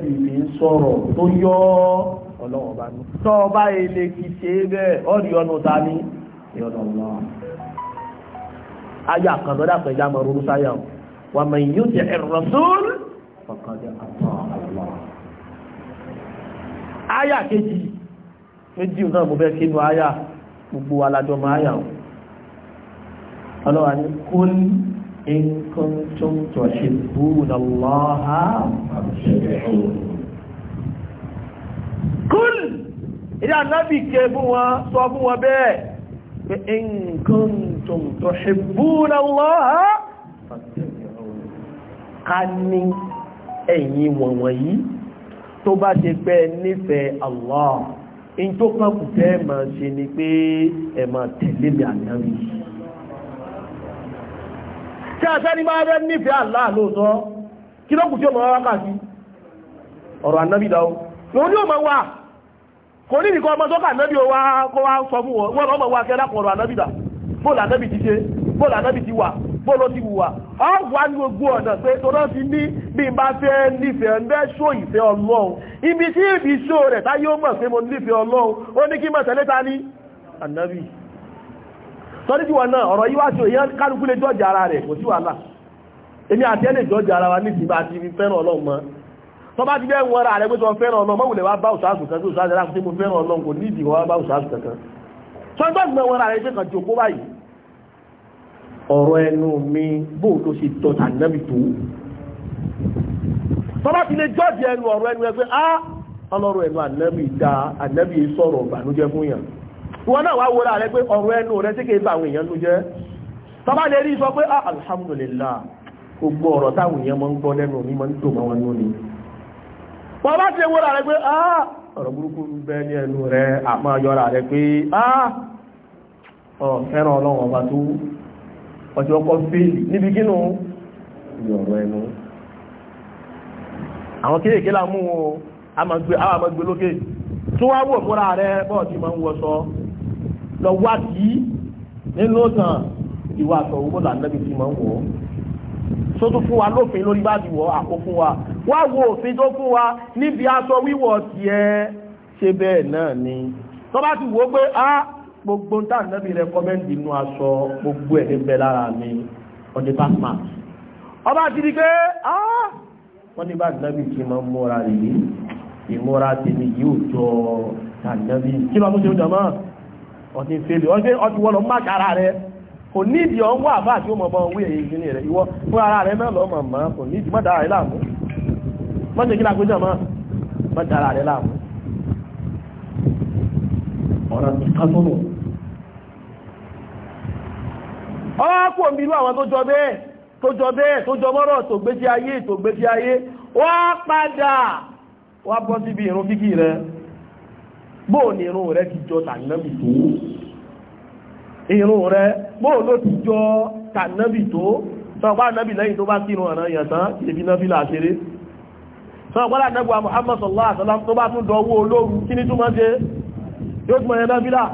fi ń sọ̀rọ̀ tó yọ ọlọ́wọ́ bá bá ilé ṣe bẹ́ẹ̀ wa man yuti'i ar-rasul faqad ata'a Allah àyà kejì méjì náà mo fẹ́ kínú àyà gbogbo alájọmọ àyà o ọlọ́wà ní kún in kuntum tuhibbuna Allaha kún ilé ànábì ké fún wọn sọ fún wọn bẹ́ẹ̀ ká ní ẹ̀yìn wọ̀nwọ̀n yìí tó bá ṣe pé nífẹ̀ẹ́ Allah in tó kàn tẹ́ ṣe ni pé ẹ̀ tẹ̀lé mi a ní Allah kí kò ní nìkan ọmọ sọ́kà ànábì ó wá wá sọ fún wọn wọ́n wá kẹ́lá dà ti ṣe ti wà bọ́lọ́ ti wùwà ọ wà ní gbogbo ọ̀nà pé tọ́lọ́ ti ní bí n bá fẹ́ nífẹ̀ẹ́ ń bẹ́ ṣó ìfẹ́ ọlọ́run ibi tí ibi ṣó rẹ̀ táyé ó mọ̀ pé mo nífẹ̀ẹ́ ọlọ́run ó ní kí mọ̀ tẹ́lẹ̀ ta ní ànábì sọ́dí tí wọn náà ọ̀rọ̀ yíwá ṣe èèyàn kálukú lè jọ́jà ara rẹ̀ kò sí wàhálà èmi àti ẹ̀ lè jọ́jà ara wa ní ìsinmi àti fẹ́ràn ọlọ́run mọ́ tọ́ bá ti bẹ́ẹ̀ wọn ara rẹ̀ ọ̀rọ̀ ẹnu mi bóò tó ṣe dọ̀tà nẹ́bì tó tọ́lá ti lè jọ́ọ̀dì ẹnu ọ̀rọ̀ ẹnu ẹgbẹ́ á ọlọ́rọ̀ ẹnu ànẹ́bì dá ànẹ́bì sọ̀rọ̀ ìbànújẹ́ fún yàn wọn náà wá wo ra rẹ pé ọ̀rọ̀ ẹnu rẹ tí kìí bá àwọn èèyàn ló jẹ́ tọ́lá lè rí sọ pé á alhamdulillah gbogbo ọ̀rọ̀ táwọn èèyàn máa ń gbọ́ lẹ́nu mi máa ń tò máa wọn nú ni wọ́n bá ti wo ra rẹ pé á ọ̀rọ̀ burúkú ń bẹ ní ẹnu rẹ àmọ́ yọra rẹ pé á ọ̀ fẹ́ràn ọlọ́run ọba tó ọ̀tí ọkọ̀ fèèlì níbi kínú yọ̀rọ̀ ẹnu àwọn kéèké láàmú wọn a máa gbé lókè tí wọ́n wò fúnra rẹ̀ bọ́ọ̀ tí máa ń wọ sọ lọ wá sí nínú ìtàn ìwà àtọ̀wò bó là nẹ́bi tí máa ń wọ̀ tó tún fún wa lófin lórí bá ti wọ̀ àpò fún wa wá wo òfin tó fún wa níbi aṣọ wíwọ̀ tiẹ̀ ṣe bẹ́ẹ̀ náà ni tó bá ti wò pé ah gbogbo ń tàn lẹ́bi rẹ́kọ́mẹ́ndì inú gbogbo ẹ̀ níbẹ̀ lára mi on the back mark ọba ti di pé wọ́n ní bá nàbì tí máa ń múra rèé ìmúra tèmi yóò jọ tànàbì kí ló tún ṣe jọ mọ́ ọtí fèlè ọtí wọ́n lọ má kára rẹ̀ kò nídi ọ̀ ń wà bá àti ọmọ ọmọ owó èyí ìgbìnì rẹ̀ ìwọ fún ara rẹ̀ mẹ́lọ ọmọ mọ́ kò nídi má dára rẹ̀ láàmú má ṣe kí lápé jọ mọ́ má dára rẹ̀ láàmú ọ̀rọ̀ kíkà tó nù ọkọ̀ ah, òmìnirú àwọn tó jọ bẹ́ẹ̀ tó jọ bẹ́ẹ̀ tó jọ mọ́rọ̀ tó gbé sí ayé tó gbé sí ayé wá padà wá bọ́ síbi ìrun kíkí rẹ bóò ni ìrun rẹ ti jọ tànábì tó ìrun rẹ bóò ló ti jọ tànábì tó sọ̀pá nábì lẹ́yìn tó bá kírun ọ̀nà ìyàtán ìbí náà fi làṣeré sọ̀pọ̀lá nẹ́gbà Muhammad sallallahu alaihi wasallam tó bá tún dọwọ́ olóòrùn kí ní túnmọ́ ṣe yóò túnmọ̀ ẹ̀nà bílá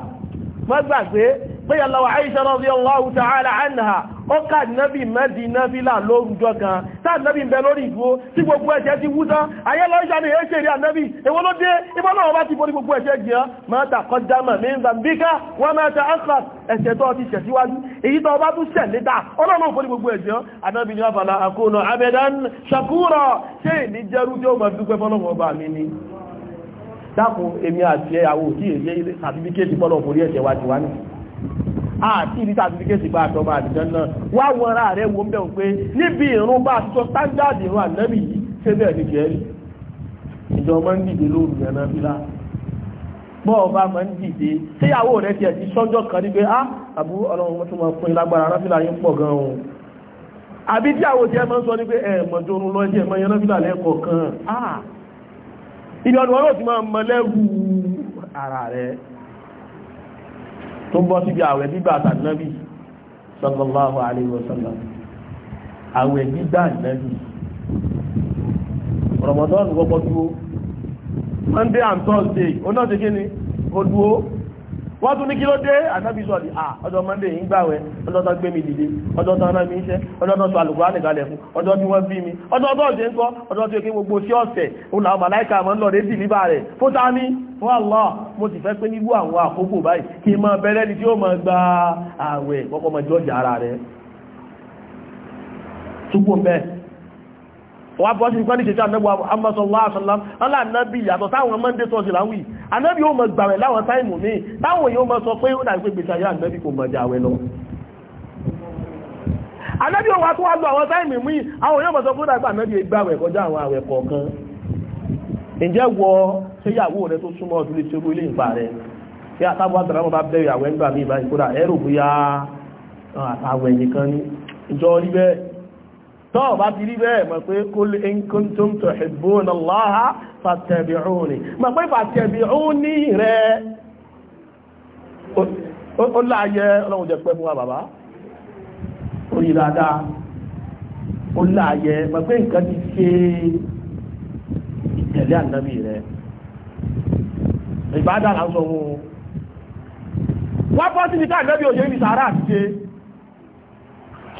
pé yàlọ́wà Aisha radiyallahu ta'ala anha ó ká nábì mẹ́dínà fílà lórújọ kan táà nábì ń bẹ lórí ìdúró tí gbogbo ẹ̀ṣẹ̀ ti wú tán ayé lọ́ṣà ni èéṣe rí ànábì èwo ló dé ibọ́ náà bá ti borí gbogbo ẹ̀ṣẹ̀ jẹ́ ma taqaddama min dhanbika wa ma ta'akhkhar ẹ̀ṣẹ̀ tó ti ṣẹ̀ síwájú èyí tó bá tún ṣẹ̀ níta ọlọ́run borí gbogbo ẹ̀ṣẹ̀ ànábì ní afala akuna abadan shakura ṣé ìní jẹ́rú tí ó mọ̀ dúpẹ́ fọ́lọ́wọ́ dákun èmi àti ẹ̀yàwó tí èyí sàtífíkéètì fọ́lọ́ borí ẹ̀ṣẹ̀ wájú nìí àti ìdí tàbí kéèsì bá àtọ́bà àdìjọ́n náà wá wọn ara rẹ̀ wo ń bẹ̀rù pé níbi ìrún bá sọ táńdáàdì ìrún ànábì yìí ṣé bẹ́ẹ̀ ni jẹ́rì ìjọ ọmọ ń dìde lóru yẹn náà bílá bọ́ ọba máa ń dìde tíyàwó rẹ̀ tiẹ̀ ti sọ́jọ́ kan ní pé á ah, àbúrò ọlọ́run tó máa fún ìlágbára ráfílà yín pọ̀ gan o àbí tíyàwó tiẹ̀ máa ń sọ ní pé ẹ̀ mọ̀jọ́rún lọ ẹ̀jẹ̀ máa yan ráfílà lẹ́ẹ̀kọ̀ọ̀kan ìyọnu ah, ọlọ́run ti máa mọ tó bọ́ síbi àwẹ̀ gbígbà àtànábì sallallahu alayhi wa sallam àwẹ̀ gbígbà ànábì rọmọdọ́nù gbọ́gbọ́ dúró monday and thursday ó ni ó dúró wọ́n tún ní kí ló dé ànábì sọ di ọjọ́ monday yìí gbàwẹ̀ ọjọ́ tó gbé mi dìde ọjọ́ tó ọ̀nà mi iṣẹ́ ọjọ́ tó sọ àlùkò nìkalẹ̀ fún ọjọ́ tí wọ́n bí mi ọjọ́ tó ń kọ́ ọjọ́ tó kí gbogbo sí ọ̀sẹ̀ òun wọ́n bọ́ sí ìpẹ́lì ìṣẹ́jọ́ ànẹ́bù amọ́sọ̀láàṣọ́lám aláàbí ìyàtọ̀ táwọn mọ́ndé sọ́ọ̀sì láwì ànẹ́bì yóò mọ̀ gbàwẹ̀ láwọn táìmù ní táwọn yóò mọ̀ sọ pé ó dàgbé gbèsè ayé ànẹ́bì kò mọ̀jà àwẹ̀ lọ ànẹ́bì yóò wá tó wá lọ àwọn táìmù mí àwọn yóò mọ̀ sọ pé ó dàgbé ànẹ́bì gbàwẹ̀ kọjá àwọn àwẹ̀ kọ̀ọ̀kan ǹjẹ́ wọ ṣéyàwó rẹ tó súnmọ́ ọdún lè ṣe orú ilé ìgbà rẹ kí àtàbọ̀ àtàràmọ́ bá tọ́ bá ti rí bẹ́ẹ̀ mọ̀ pé qul in kuntum tuhibbuna Allaha fattabi'uni mọ̀ pé fattabi'uni rẹ̀ ó láàyẹ ọlọ́run jẹ́ pẹ́ fún wa bàbá ó yí dáadáa ó láàyẹ mọ̀ pé nǹkan ti ṣe ìtẹ̀lé ànábì rẹ̀ ìbádà là ń sọ wọn wọ́n bọ́ sí ní káàkiri bí òṣèré ní sàárà àti ṣe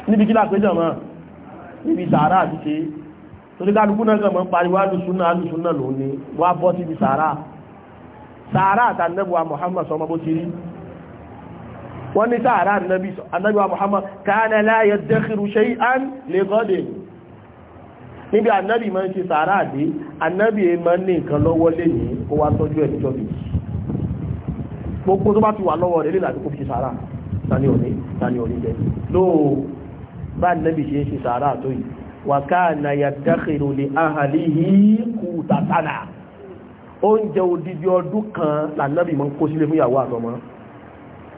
níbi kí lápẹjọ mọ́ níbi sàárà àti ṣe torí kálukú náà kàn mọ́ pariwo alùsùnà alùsùnà lòun ni wá bọ́ síbi sàárà sàárà àtànẹ́bùwà Muhammad sọmọ bó ti rí wọ́n ní sàárà ànẹ́bùwà Muhammad káàlẹ̀ láyé dẹ́kìrù ṣe án lè gọ́dẹ̀ níbi ànẹ́bì mọ́ ṣe sàárà àdé ànẹ́bì mọ́ ní nǹkan lọ́wọ́ lè ní kó wá tọ́jú ẹ̀ bá nẹ́bì ṣe ṣe sàárà tó yìí wa kana yadakhiru li ahlihi qutatana oúnjẹ odidi ọdún kan lànàbì mọ́ kó sílé fún ìyàwó àtọmọ́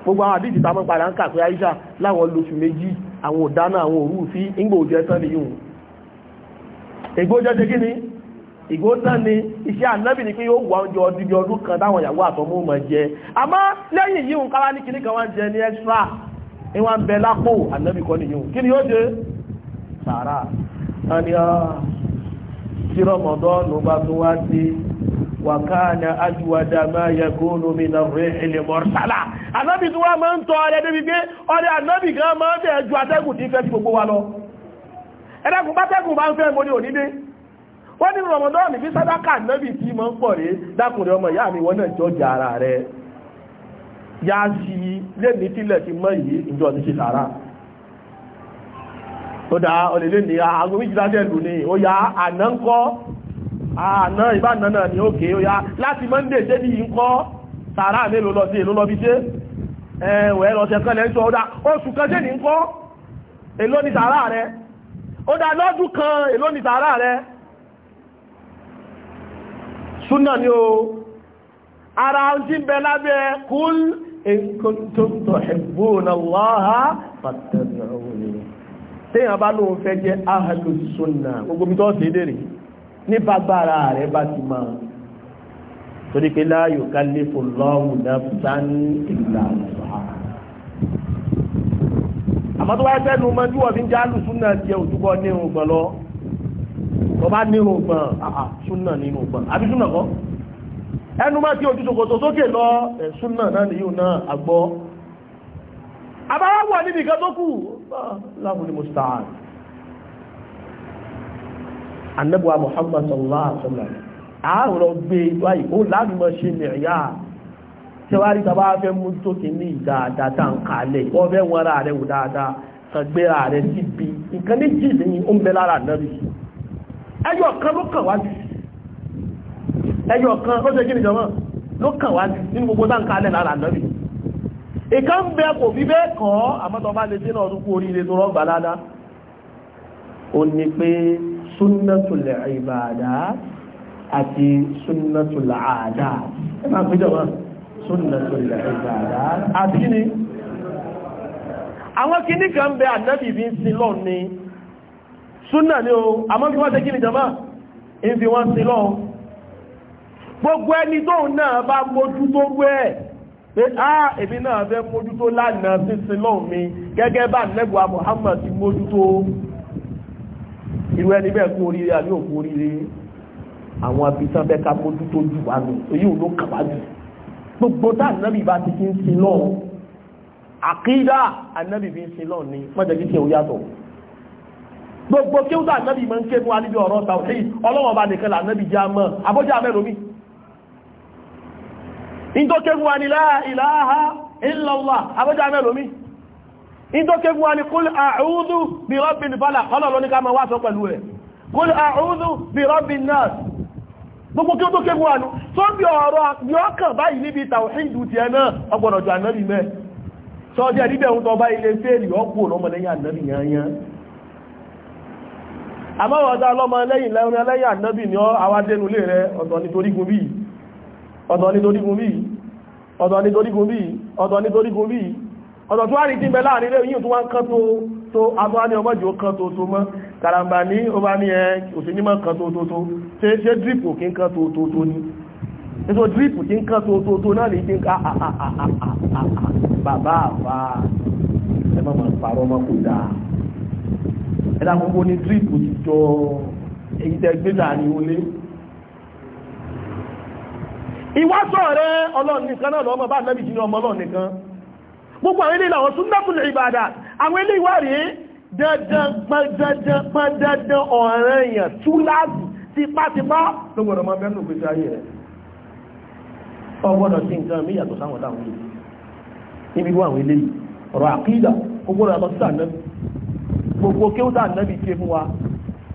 gbogbo àwọn àdíjì tá mọ́ padà ń kàpẹ́ Aisha láwọn lóṣù méjì àwọn òdáná àwọn òru sí ìgbò ni ìgbó tán ni iṣẹ́ ànábì ni pé yóò wà oúnjẹ odidi ọdún kan táwọn ìyàwó àtọmọ́ mọ̀ jẹ àmọ́ lẹ́yìn yíhun káwá ní kìnnìkan wá jẹ ní extra ní wọ́n ń bẹ lápò ànábì kọ́ nìyẹn kí ni yóò ṣe sàrà àní ah, tí rọmọdọ́nù bá tún wá sí wàkánà ajúwàdà máa yẹ kóónù mi náà rí ilẹ̀ mọ́rítàlá ànábì tí wọ́n máa ń tọ́ ọrẹ débi pé ọrẹ ànábì kan máa ń fẹ́ ju atẹ́gùn tí fẹ́ ti gbogbo wa lọ ẹ̀dẹ́gùn bá tẹ́gùn bá ń fẹ́ mo ní òní dé wọ́n ní rọmọdọ́nù bí sádákà ànábì tí máa ń pọ̀ rí dákùnrin ọmọ ìyá mi wọ́n náà jọ́jà ara rẹ̀ yá sí lẹ́ni tílẹ̀ ti mọ́ ìyí ìjọ ní ṣe sàárà tó dá olèlé ní aago méjìlájẹ́ ìlú ni ó yá àná ń kọ́ àná ìbánanà ní òkè ó yá láti monday ṣe bí ń kọ́ sàárà mélòó lọ sí èlò lọ bí ṣe ẹ̀wẹ̀ lọ́sẹ̀ kan lẹ́ ń sọ ó dá oṣù kan ṣe ní ń kọ́ èlò ní sàárà ara ń ti bẹ lábẹ́ kúl in kuntum tuhibbuna Allaha fattabi'uni téèyàn bá lóun fẹ́ jẹ́ ahlu sunna gbogbo bí tó ṣe é dèrè ní bàbára rẹ̀ bá ti máa torí pé la yukallifu Allahu nafsan illa wus'aha àmọ́ tó wáyé fẹ́nu mọ́ tí wọ́n fi ń jẹ́ ahlu sunna jẹ́ òtúbọ̀ ní ògbọ̀n lọ tó bá ní ògbọ̀n àà sunna nínú ògbọ̀n àbí sunna kọ́ ẹnu máa tí ojú ṣòkòtò sókè lọ ẹ̀sùn náà náà nìyí náà àgbọ́ abáwọ̀ níbi ìkan tó kù láwọn ni musta'an annabuwa muhammad sallallahu alaihi wasallam àárọ̀ gbé wáyé ó láàrín mọ́ ṣe mẹ̀yà tẹwárí tàbá fẹ́ mú tó kì ní dáadáa tá ń kalẹ̀ wọ́n fẹ́ wọn ara rẹ̀ ẹyọ kan ó ṣe kí ni jọmọ́ ló kàn wá nínú gbogbo tá ń kalẹ̀ lára ànábì ìkan bẹ kò fi bẹ́ẹ̀ kàn ọ́ àmọ́ tó bá lè dé náà dúkú oríire tó rọ́gbà ládá ó ní pé sunnatul ibadat àti sunnatul adat ẹ máa pé jọmọ́ sunnatul ibadat àti kí ni àwọn kìíní kan bẹ ànábì fi ń sin lọ́ọ̀ ni súnà ni o àmọ́ fi wọ́n ṣe kí ni jọmọ́ ń fi wọ́n sin lọ́ọ̀ gbogbo ẹni tóun náà bá mójútó rú ẹ̀ pé á èmi náà fẹ́ mójútó lánàá sísin lọ́hùn mi gẹ́gẹ́ bá nẹ́gbàá Muhammad ti mójútó irú ẹni bẹ́ẹ̀ kú oríire àbí òkú oríire àwọn abisán bẹ́ẹ̀ ká mójútó jù wá nù èyí ò ló kàwá jù gbogbo tá ànábì bá ti fi ń sin lọ́hùn àkídà ànábì fi ń sin lọ́hùn ni wọ́n jẹ́ kí kí n yàtọ̀ gbogbo kí ó dá ànábì máa ń ké fún wa níbi ọ̀rọ̀ tàwọn ọlọ́wọ́n bá nìkan là ànábì já mọ́ àbójá mẹ́rin omi ìdókégún wa ni la ilaha illa Allah abẹ́jà mẹ́lòmí wa ni kul a'udhu bi rabbil falaq kọ́lọ̀ lóní ká ma wá sọ pẹ̀lú rẹ̀ kul a'udhu bi rabbin gbogbo kí ó tó kégún wa nú tó bí ọ̀rọ̀ yọ́kàn báyìí níbi tàwíìdù ti ọ̀dọ̀ nítorígun bí ọ̀dọ̀ nítorígun bí ọ̀dọ̀ nítorígun bí ọ̀dọ̀ tó wá rí tí ń bẹ láàrin ilé yìí tó wá ń kán tó tó agbá ní ọmọ jù ó kán tó tó mọ́ karambà ní ó bá ní ẹ òsì mímọ̀ kán drip kí ń kán tó tó tó ní èso drip kí ń kán tó tó tó náà lè kí ń ká ah, ah, ah, bàbá àfà ẹ má máa ọmọ kò dáa ẹ ní drip ti jọ èyí tẹ gbé láàrin olé ìwásọ̀ rẹ ọlọ́run nìkan náà lọ́mọ bá nẹ́bì jí ọmọ ọlọ́run gbogbo àwọn ilé ìlàwọ̀ súnmọ́kùn lè ìbàdà àwọn ilé ìwà dandan pẹ́dandan pẹ́dandan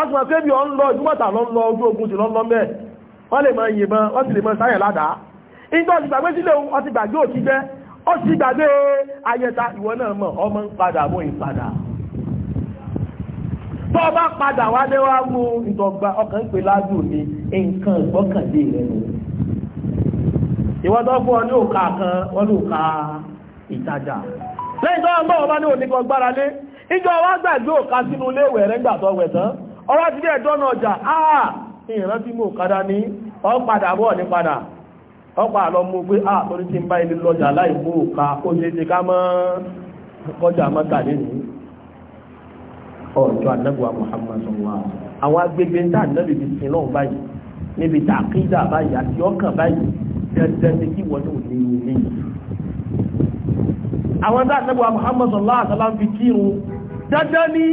ọsùn pé bí ọ ń lọ ìdúgbàtà lọ ń lọ ojú ogun sí lọ ń lọ mẹ́ wọ́n lè mọ ìyìnbọn wọ́n sì lè mọ sáyẹ̀ ládàá ìgbà ọ̀sì gbàgbé sílẹ̀ ọtí gbàgbé òkí jẹ́ ó sì gbàgbé ayẹta ìwọ náà mọ̀ ọmọ ń padà mọ́ ìpadà tó bá padà wá dé wá mú ìdọ̀gba ọkàn ń pè lájú ní nǹkan ìgbọ́kànlé rẹ̀ nù ìwọ́dọ́ fún ọ ní òkà kan wọ́n ní òkà ìtajà lẹ́yìn tó wọ́n bá wọn bá ní òní kan gbára lé ìjọ wá gbàgbé òkà sínú ilé ìwẹ̀ rẹ̀ gbàtọ̀ wẹ̀ tán ọwá ti dé ẹ̀dọ́nà ọjà àà ah, ìran tí mò kádá ní ọ̀padà bọ́ ní padà ọ̀pá àlọ́ mú pé à ah, orí tí ń bá ilé lọ́jà láì mú òka ó ṣe ti ká mọ́ kọjá mọ́ta nínú Muhammad sọ̀wọ́ àwọn agbègbè ń dá anábì fi sin lọ́hùn báyìí níbi tàkídà báyìí àti ọkàn báyìí dandan ni kí ní òní ilé yìí àwọn dá anábùwà Muhammad sọ̀lá àtàlá ń fi kírun dandan ni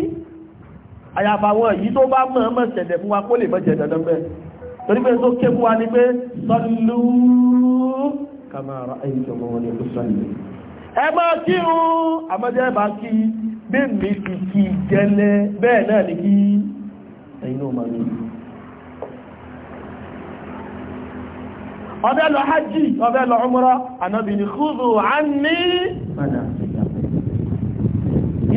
àyàfàwọn èyí tó bá mọ̀ mọ̀ ṣẹ̀dẹ̀ fún wa kó lè mọ̀ ṣẹ̀dẹ̀ lọ́gbẹ́ torí pé tó ké fún wa ní pé sọlú kàmàrà ẹ̀yìnkọ̀mọ́ wọn ni ó sọlú ẹ máa kí ń àmọ́jẹ́ bá kí bí mi ti kí gẹ́lẹ́ bẹ́ẹ̀ náà ni kí ẹ̀yin náà máa ní ọbẹ̀ lọ hajj ọbẹ̀ lọ umra ànábì ní khudhu anni mọ́nà àṣẹ́gbà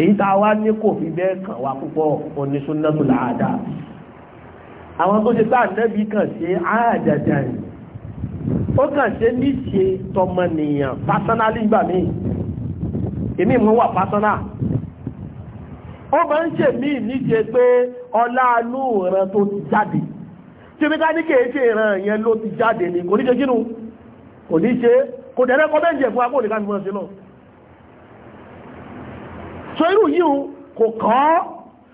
èyí tá a wá ní kò fi bẹ́ẹ̀ kàn wá púpọ̀ oníṣúnnátò làádá àwọn tó ṣe sáà nẹ́bí kàn ṣe àádàdà ni ó kàn ṣe níṣe tọmọnìyàn pásánálì gbà míì èmi mú wà pásánà ó máa ń ṣe míì níṣe pé ọlá inú ìran tó ti jáde tí omi ká ní kéèké ìran yẹn ló ti jáde ni kò ní ṣe kínú kò ní ṣe kò dẹ̀rẹ́ kọ́ bẹ́ẹ̀ jẹ̀ fún akóòdì ká fi mọ́ ṣe náà so irú yíò kò kàn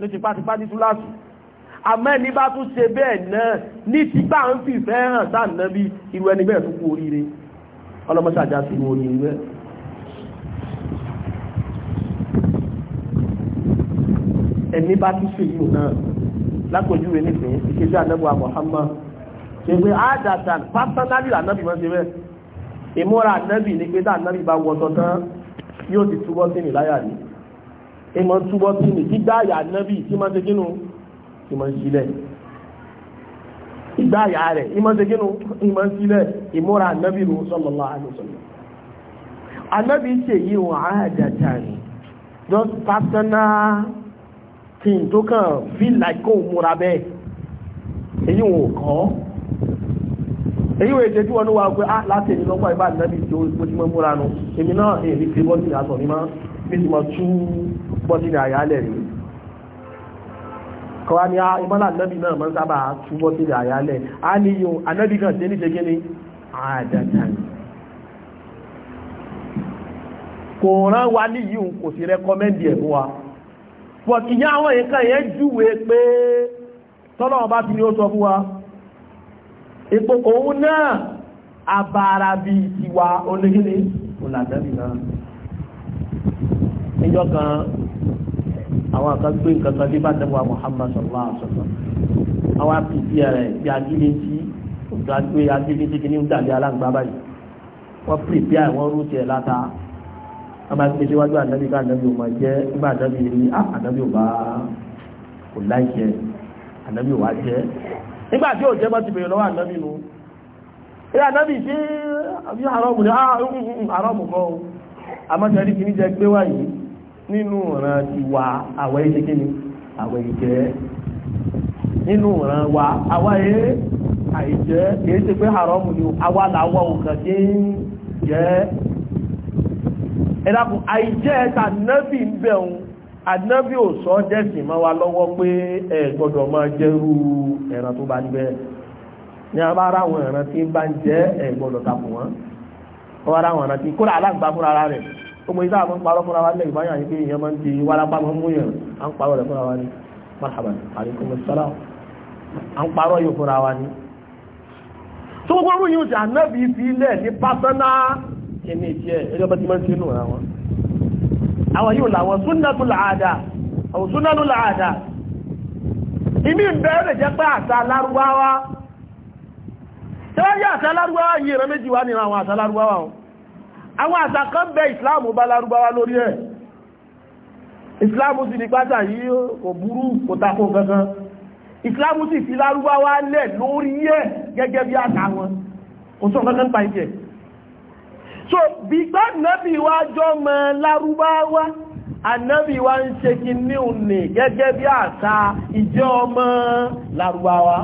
ní tipátipá ní túláàsì àmọ́ ẹni bá tún ṣe bẹ́ẹ̀ náà ní ti bá ń fi ìfẹ́ hàn sáà nàbí irú ẹni bẹ́ẹ̀ tún kú oríire ọlọ́mọṣàjá sí irú oríire ẹni bá tún ṣe yìí náà lápòjú rẹ̀ nífẹ̀ẹ́ ìṣẹ́jú ànábọ̀ àmọ̀hámà ṣe pé àdàtàn pásánálì ànábì wọ́n ṣe bẹ́ẹ̀ ìmúra ànábì ní pé tá ànábì bá wọ tọ́tán yóò ti túbọ̀ sí mi ìmọ̀ túbọ̀ sí mi tí gbáàyà nábì tí máa ń ṣe kínú tí máa ń sílẹ̀ ìgbáàyà rẹ̀ ìmọ̀ ṣe kínú ìmọ̀ ń sílẹ̀ ìmúra nábì rò sallallahu alaihi wasallam anábì ṣe yí wọn àádàtà ni just personal thing tó kàn feel like kó múra bẹ́ẹ̀ èyí wọn kọ́ èyí wòye tẹ́jú wọn wá pé á ah, láti èyí lọ́pọ̀ ìbá ìnábì tí ó ti mọ́ múra nù èmi náà èyí fi bọ́sì àtọ̀ ní máa fi ti mọ̀ tú bọ́sì ní àyálẹ̀ rí kọ́wá ní ah, ìmọ́lá ìnábì náà máa ń sábà tú bọ́sì ní àyálẹ̀ á ní yóò ànábì kan tẹ́ ní ṣe kíni àdàdà kò rán wa ní yìí kò sí rẹ́kọ́mẹ́ndì ẹ̀ fún wa pọ̀ kìyà àwọn nǹkan yẹn júwe pé tọ́lọ́ ipò òun náà àbára bí ìwà onígíní olàdẹ́bì náà níjọ́ kan àwọn àkàgbé nǹkan kan dé bá dẹ́wà Muhammad sallallahu alaihi wasallam àwọn àpìtì rẹ̀ bí agílé tí gbàgbé agílé tí kìíní ń dàbí aláǹgbá báyìí wọ́n pèpè àwọn rúùtẹ̀ láta wọ́n bá gbé síwájú ànábì ká ànábì ò máa jẹ́ nígbà ànábì ní ah, ànábì ò bá kò láìjẹ́ ànábì ò wá jẹ́ nígbà tí òjẹ́ bá ti bèèrè lọ́wọ́ ànábì nù ilé ànábì tí àbí àrọ́mù ní àrọ́mù kọ́ o àmọ́tẹ́rí kìíní jẹ gbé wáyé nínú ọ̀ràn ti wà àwọ̀ ẹ̀ṣẹ́ ni àwọ̀ ìjẹ́ nínú ọ̀ràn wà àwọ̀ àìjẹ́ kìí ṣe pé àrọ́mù ni àwọ̀ làwọ̀ jẹ́ ànábì ò sọ dẹ́sìn mọ́ wa lọ́wọ́ pé ẹ gbọ́dọ̀ máa jẹ́rú ẹran tó bá níbẹ̀ ní a bá ara àwọn ẹran tí bá ń jẹ́ ẹ gbọ́dọ̀ takò wọ́n ó wá ara àwọn ẹran tí kóra aláǹgbá fúnra rẹ̀ ó mọ iṣẹ́ àwọn parọ́ fúnra wa lẹ́yìn báyà yìí pé èèyàn máa ń di wárápá máa ń mú yẹn à ń parọ́ rẹ̀ fúnra wa ni marhaba alaikum salam à ń parọ́ yóò fúnra wa ni. tó gbọ́rú yóò ṣe ti máa àwọn yóò làwọn súnnàtù làádà àwọn súnnàtù làádà ìmí ìbẹ̀rẹ̀ jẹ́ pé àṣà lárúbáwá tí wọ́n yá àṣà lárúbáwá yìí rẹ méjì wá nínú àwọn àṣà lárúbáwá àwọn àṣà kan bẹ ìsìláàmù bá lárúbáwá lórí ẹ̀ ìsìláàmù sì ní pátá yìí kò burú kò takò kankan ìsìláàmù sì fi lárúbáwá lẹ̀ lórí ẹ̀ gẹ́gẹ́ bí àṣà wọn kò sọ kankan pa so bí gbá nábì wá jọ mọ lárúbáwá ànábì wá ń ṣe kí ní òní gẹ́gẹ́ bí àṣà ìjẹ́ ọmọ lárúbáwá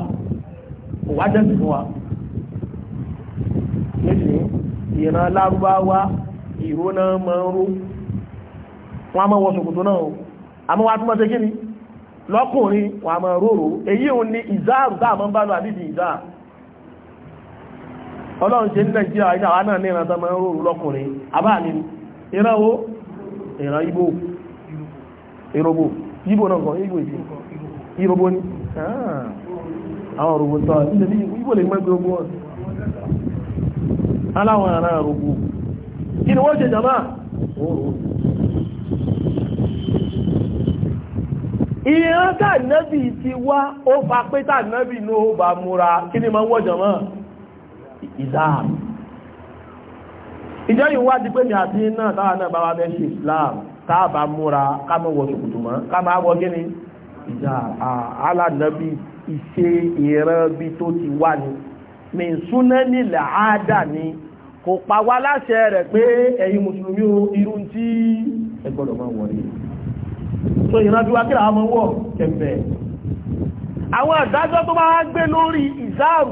kò wá jẹ́ sí fún wa nísìnyí ìran lárúbáwá ìró náà mọ́ ń ró wọ́n a máa náà o àmọ́ wá túnmọ́ ṣe kí ni lọ́kùnrin wọ́n a máa róró èyí òun ìzáàrù táà mọ́ bá lọ àbíbi ìzáàrù ọlọ́run ṣe ní nàìjíríà ìṣàwà náà ní ìrántọ́ ah. mọ́ rúrú lọ́kùnrin abáàlì ìrànwó ìran ibo ìrọ̀bò ibo náà kan ibo ìsìn ìrọ̀bò ní àwọn òrùbò tọ́ ìṣẹ́lẹ̀ ibo lè mẹ́gbẹ́ ogun ọ̀sìn aláwọn ará òrùbò kí ni wọ́n ṣe jàmá ìran tànàbì ti wá ó fa pé tànàbì ló bá múra kí ni máa wọ́ jàmá islam ìjọ yìí wá di pé mi àti náà táwa náà bá wá fẹ́ ṣe islam káàbà múra ká má wọ ṣòkòtò mọ́ ká má wọ gíní ìjà alánàbí ìṣe ìran bí tó ti wà ní mi súná nílẹ̀ àádà ni kò pa láṣẹ rẹ̀ pé ẹ̀yin mùsùlùmí irú tí ẹ máa wọ̀ ní so ìran bí wá kí làwọn ọmọ wọ̀ kẹfẹ́ àwọn àdájọ́ tó bá gbé lórí ìzáàrù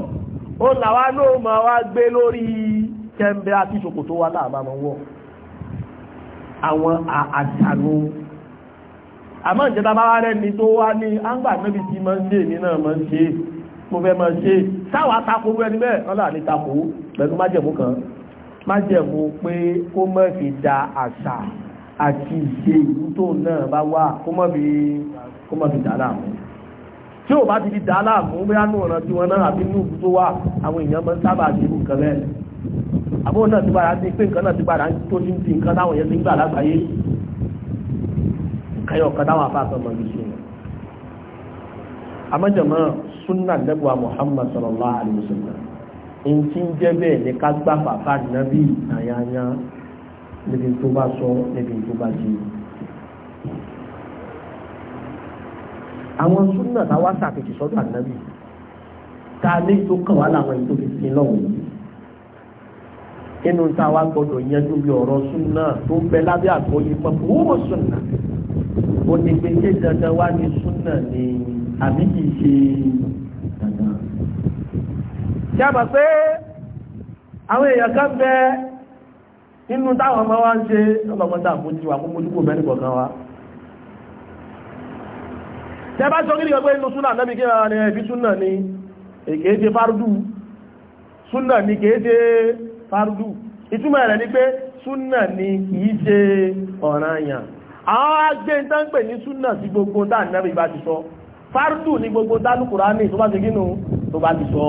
ó làwá náà ma wá gbé lórí kẹ́mbẹ́ àti ṣòkòtò wa láàbá mọ́ wọ́ àwọn àṣàlù àmọ́ ìjẹta bá wá rẹ́ni tó wá ní áńgbà níbi tí mọ́ ṣe ní náà mọ́ ṣe mo fẹ́ mọ́ ṣe sáwà tako ẹni bẹ́ẹ̀ wọ́n là ní tako pẹ̀lú májẹ̀mú kan tí ò bá ti di dá láàmú bóyá nù ọ̀nà tí wọn náà àbí nù tó wà àwọn èèyàn máa ń sábà ṣe irú nǹkan bẹ́ẹ̀ àbúrò náà ti padà sí pé nǹkan náà ti padà tó ti ń di nǹkan táwọn yẹn ti ń gbà lágbàáyé kẹyọ kan táwọn afáàfẹ́ mọ̀ ní ṣe àmọ́jọ̀mọ́ súnà nẹ́bùwà Muhammad sallallahu alaihi wasallam in ti ń jẹ́ bẹ́ẹ̀ ní ká gbà fàfà nábì àyàyà níbi tó bá sọ níbi tó bá jẹ́ àwọn súnà táwa ṣàkejì sọ́dọ̀ ànábì tá a lè tó kàn wá láwọn ètò ìsìn lọ́wọ́ yìí inú táwa gbọdọ̀ yanjú bí ọ̀rọ̀ súnà tó ń bẹ lábẹ́ àgbọ̀yé pọ̀pọ̀ owó súnà ó ní pé ṣé dandan wá ní súnà ni àbí kì í ṣe dandan. ṣé a mọ̀ pé àwọn èèyàn kan bẹ nínú táwọn ọmọ wa ń ṣe ọlọ́mọdé àbójú àkókò ojúkò bẹ́ẹ̀ nìkan kan wa tẹ bá sọ kíni ọgbẹ́ inú súnà náà bí kí ara rẹ̀ bí súnà ni kìí ṣe fárúdù súnà ni kìí ṣe fárúdù ìtumọ̀ rẹ̀ ni pé súnà ni kìí ṣe ọ̀ranyàn àwọn agbé ń tán pè ní súnà sí gbogbo tá ànábì bá ti ti kínú tó bá ti sọ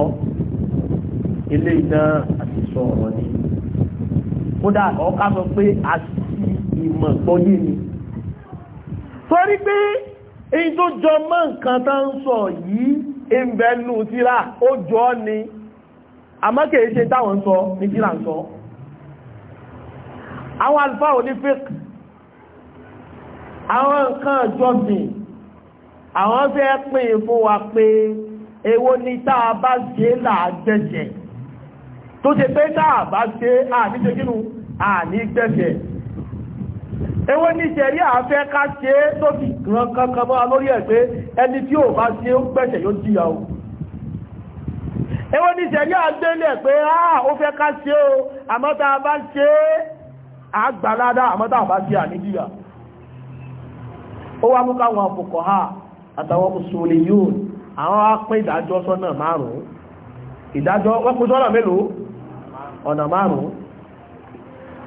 ilé ìtàn àti sọ ọ̀rọ̀ ni ni torí pé èyí tó jọ mọ́ nǹkan tá ń sọ yìí ìbẹ̀nù tíra ó jọ ni àmọ́ kìí ṣe táwọn sọ ní tíra ń sọ àwọn alfa onífẹ́k àwọn nǹkan jọsìn àwọn fẹ́ pín fún wa pé èwo ni tá a bá ṣe làájẹ́jẹ́ tó ṣe pé tá a bá ṣe àníṣe kínú àníṣẹ́jẹ́ ewé ní ìṣẹ̀rí àfẹ́ ká ṣe é tó fi ràn kankan mọ́ra lórí ẹ̀ pé ẹni tí ò bá ṣe ó gbẹ̀ṣẹ̀ yóò jìyà o ewé ní ìṣẹ̀rí àgbélẹ̀ pé áà ó fẹ́ ká ṣe o àmọ́ tá a bá ṣe é àgbàládá àmọ́ bá ṣe àníjìyà ó wá mú káwọn àpòkọ̀ ha àtàwọn mùsùlùmí yóò àwọn apín ìdájọ́ sọ́nà márùn-ún ìdájọ́ wọ́n kú sọ́nà mélòó ọ̀nà márùn-ún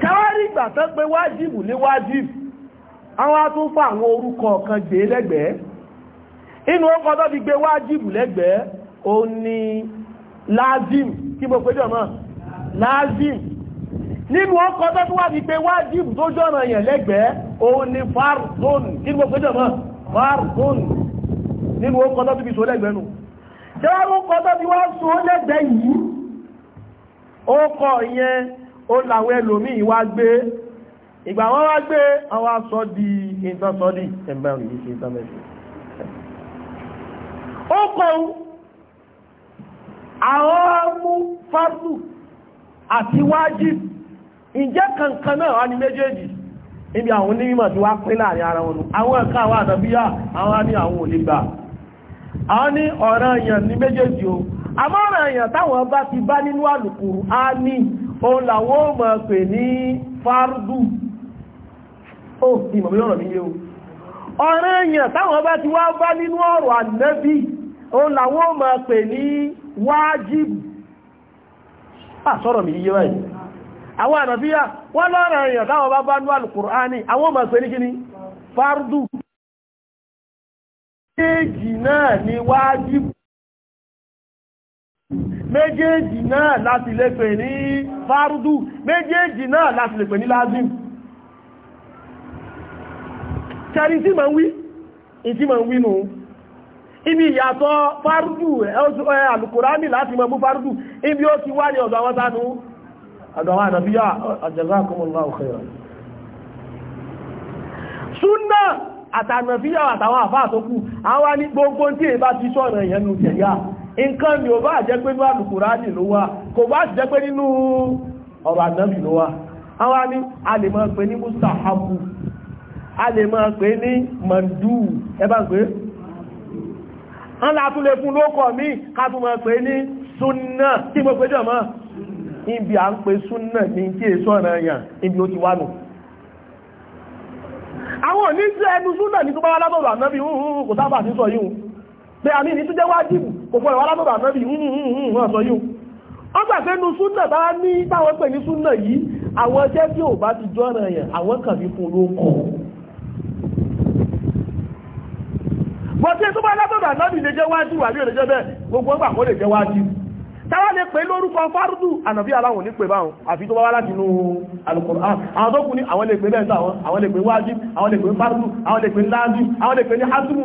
káwárí ìgbà tán pé wájìbù ní wájìbù àwọn atún fún àwọn orúkọ kan gbé lẹ́gbẹ̀ẹ́ inú ọkọ̀ tó fi gbé wájìbù lẹ́gbẹ̀ẹ́ ó ní lázim kí mo pé jọmọ́ lázim nínú ọkọ̀ tó tó wá fi gbé wájìbù tó jọ́nà yẹn lẹ́gbẹ̀ẹ́ ó ní fardun kí mo pé jọmọ́ fardun nínú ọkọ̀ tó fi so lẹ́gbẹ̀ẹ́ nù jẹ́ ọkọ̀ tó fi wá so lẹ́gbẹ̀ẹ́ yìí ọkọ̀ yẹn ó làwọn ẹlòmíì wá gbé ìgbà wọn wá gbé àwọn aṣọ di nǹkan sọ di ẹgbẹ́ òní ṣe nǹkan mẹ́sì ó kọ́ àwọn mú fásitù àti wájì ìjẹ́ kankan náà wá ní méjèèjì níbi àwọn onímọ̀ tí wá pín láàrin ara wọn àwọn ẹ̀ka àwọn àdàbíyà àwọn ní àwọn òlè gbà àwọn ní ọ̀ràn èèyàn ní méjèèjì o àmọ́ ọ̀ràn èèyàn táwọn bá ti bá nínú àlùkùrù á ní òun làwọn ò mọ̀ pè ní fárúdù ó ìmọ̀ bí ọ̀rọ̀ mi o ọ̀rẹ́ èèyàn táwọn bá ti wá bá nínú ọ̀rọ̀ ànẹ́bí òun làwọn ò mọ̀ pè ní wájìbù àsọ̀rọ̀ mi yé báyìí àwọn ànàbíyà wọ́n lọ́rọ̀ èèyàn táwọn bá bá méjèèjì náà láti lè pè ní fárúdù méjèèjì náà láti lè pè ní lázim tẹ́rí tí ma ń wí ìtí ma ń wí nù ibi ìyàtọ̀ fárúdù alùkùránì láti ma mú fárúdù ibi ó ti wá ní ọ̀dọ̀ àwọn tánú ọ̀dọ̀ àwọn àtànàfíyà àtàwọn àfáà tó kù àwọn ní gbogbo tí èyí bá ti sọ̀rọ̀ ìyẹnu tẹ̀yà nǹkan mi ò bá jẹ́ pé ní àlùkùránì ló wà kò bá jẹ́ pé nínú ọ̀rọ̀ ànábì ló wà àwọn ní a lè máa pè ní mustahabu a lè máa pè ní mandu ẹbá ń pè án látún lè fún lókọ̀ mí kátún máa pè ní súnnà tí mo pè jọ mọ́ ibi à ń pè súnnà ní kí èso ọ̀nà èèyàn ibi ó ti wà nù àwọn òní tí ẹnu súnnà ní tó bá wá látọ̀rọ̀ pé àmì ní tó jẹ́ wájìbù kò fọ́ ìwà alábọ̀bà mẹ́bí hàn sọ yóò wọ́n gbà pé nu súnà bá ní táwọn pè ní súnà yìí àwọn iṣẹ́ tí ò bá ti jọ́nà yẹn àwọn kàn fi fún olóko àwọn tó ní àwọn lè pè bẹ́ẹ̀ àwọn lè pè wájìbù àwọn lè pè fárúdù àwọn lè pè láàájú àwọn lè pè ní hásùmù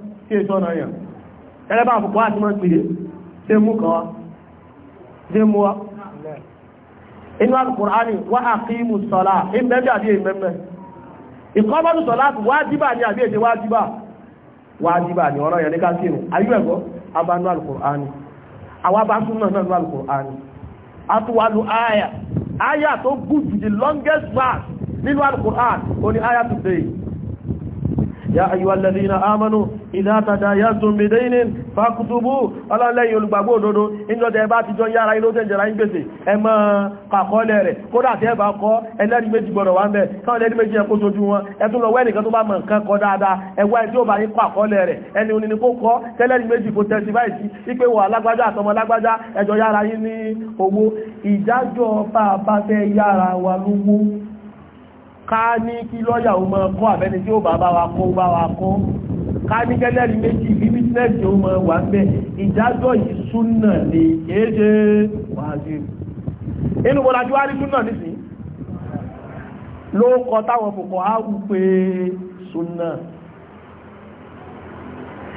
tí èso ọ̀nà yàn ẹlẹ́bà àpòpò àti mọ́ pìdé tí mú kan wá tí mú wá inú alùkùránì wá àkíyìmù sọ́lá ìmẹ́bẹ̀ àbí ìmẹ́mẹ́ ìkọ́mọ́dù sọ́lá wájíbà ní àbí èdè wájíbà wájíbà ní ọ̀rọ̀ yẹn ní káṣínú ayúẹ̀gọ́ abánú alùkùránì àwọn abásún náà nánú alùkùránì atúwálù áyà the longest verse nínú alùkùránì ó ní áyà tó dé يا أيها الذين آمنوا إذا تداينتم بدين فاكتبوا ọlọ́run lẹ́yìn olùgbàgbọ́ òdodo inú ọdẹ bá ti jọ yára inú tẹ́ jẹra ń gbèsè ẹ má kàkọ́lẹ̀ rẹ̀ kódà tẹ́ bá kọ́ ẹlẹ́ni méjì gbọ́dọ̀ wá ń bẹ̀ káwọn ẹlẹ́ni méjì ẹkó sojú wọn ẹtún lọ wẹ́nìkan tó bá mọ̀ nǹkan kọ dáadáa ẹwà ẹ tí ó bá yín kàkọ́lẹ̀ rẹ̀ ẹni oní ni kó kọ́ tẹ́lẹ́ni méjì kò tẹ̀sí báyìí ipe wọ alágbájá àtọmọ alágbájá ẹjọ yára yín ní owó ìdájọ́ bá a bá fẹ́ yára wa lówó ká ní kí lọ́yà ó máa kọ́ àbẹ́ni tí ó bá bá wa kọ́ bá wa kọ́ ká ní kẹ́lẹ́rìí méjì bí bísínẹ́sì ó máa wà ń bẹ́ ìdájọ́ yìí súnà ní kéèṣe wájú inú wọn lájú wá rí súnà nísìn ló kọ táwọn fòkọ̀ á wù pé súnà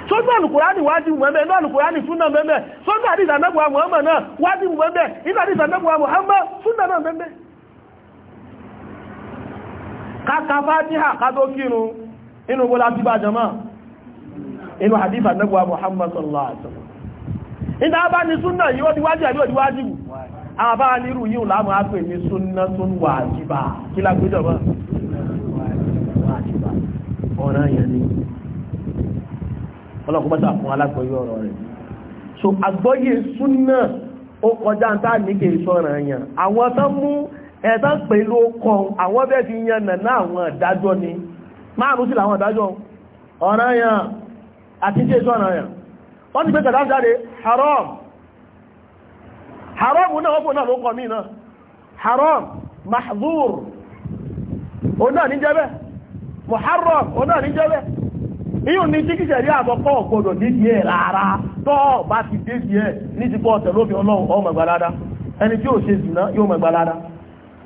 sójú alùkùránì wájú mẹ́mẹ́ náà alùkùránì súnà mẹ́mẹ́ sójú àdìsànẹ́gbà Muhammad náà wájú mẹ́mẹ́ inú àdìsànẹ́gbà Muhammad súnà náà mẹ́mẹ́ káka fátíhà ká tó kírun inú bọ́lá tí bá jama inú hadith annabuwa muhammad sallallahu alaihi wasallam ìdá bá ní súnnà yíó díwájú àbí òdíwájú àbá nírú yíò láàmù ápè ní súnnà tún wàjíbà kí lágbéjọba wàjíbà ọ̀nà yẹn ni ọlọ́kùnbọ́sà fún alágbọ́yé ọ̀rọ̀ rẹ̀ so àgbọ́yé súnnà ó kọjá ń tá ní kèé sọ́rọ̀ yẹn àwọn tán mú ẹ̀ta ń pè ló kọ àwọn bẹ́ẹ̀ fi yan nàná àwọn ìdájọ́ ni márùn sí àwọn ìdájọ́ ọ̀ranyàn àti tí èso ọ̀ranyàn wọ́n ti gbé kẹta jáde haram haram náà wọ́pọ̀ náà ló kọ mí náà haram mahzur ọ̀gbọ̀dọ̀ dédìí ẹ̀ rárá tọ́ bá ti dédìí ẹ̀ ní ti ọ̀tẹ̀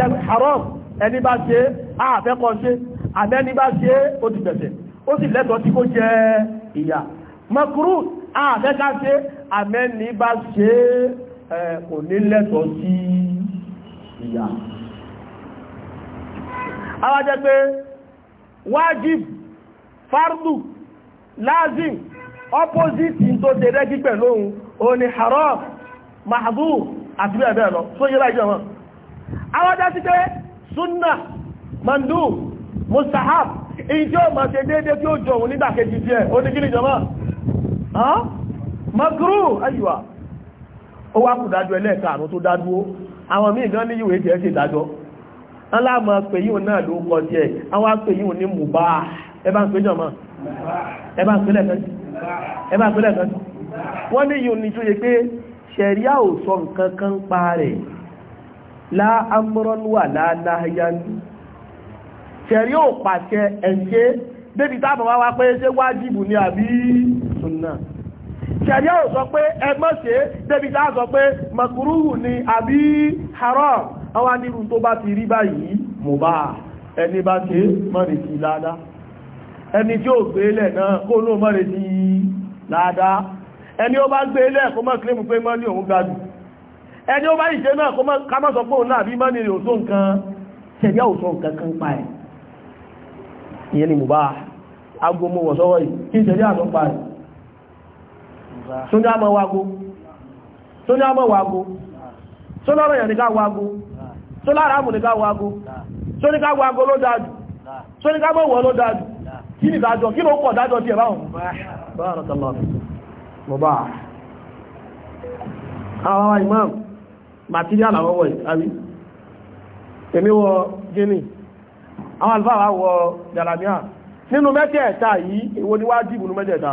jẹ́ haram ẹni bá ṣe àfẹ́kọ́ ṣe àmẹ́ni bá ṣe ó ti bẹ̀ṣẹ̀ ó sì lẹ́tọ̀ọ́ tí kó jẹ ìyà makuru àfẹ́ká ṣe àmẹ́ni bá ṣe kò ní lẹ́tọ̀ọ́ sí ìyà awájẹ́ pé wájib fardu lazim opposite in tó tẹ́rẹ́ gbígbẹ̀ lóhun o ni haram mahdur àti bẹ́ẹ̀ bẹ́ẹ̀ lọ tó yíra ìjọ wọn awada ti te sunna mandu mustahab injo ma se dede ti ojo won nigba keji die o ni kini jama ha magru aywa o wa ku daju ele ka run to daju awon mi gan ni iwe ti e se dajo ala ma pe yi won na lo ko ti e awon pe yi won ni muba e ba n pe jama e ba n pe le kan e ba n won ni yun ni ye pe sharia o so nkan kan láàmúrán wà láàláyán ṣẹ̀rí ò pàṣẹ ẹ̀ṣẹ́ débi tábọ̀ wá wá pé ṣé ni abi sunna ṣẹ̀rí ò sọ pé ẹgbọ́ṣẹ́ débi tá sọ makuruhu ni àbí haram àwọn anírun tó bá ti rí báyìí mùbá ẹni bá ṣe mọ́rìtì ládá ẹni tí ó gbélẹ̀ náà kó ló mọ́rìtì ládá ẹni ó bá gbélẹ̀ kó mọ́ kílẹ̀mù pe mo ni òun gbádùn ẹni ó bá ìṣe náà ká má sọ pé òun náà bí má ní òṣó nǹkan ṣẹ̀dá òṣó nǹkan kan pa ẹ̀ ìyẹn ni mo bá aago mo wọ̀ sọ́wọ́ yìí kí ṣẹ̀dá àtọ́ pa ẹ̀ sójá mọ́ wago wago sólọ́rọ̀ wago sólára mù ní material àwọ́wọ́ ìtàrí èmi wọ gini àwọn alfáà wọ nínú mẹ́tẹ̀ẹ̀ta yìí èwo ni wájìbù nínú mẹ́tẹ̀ẹ̀ta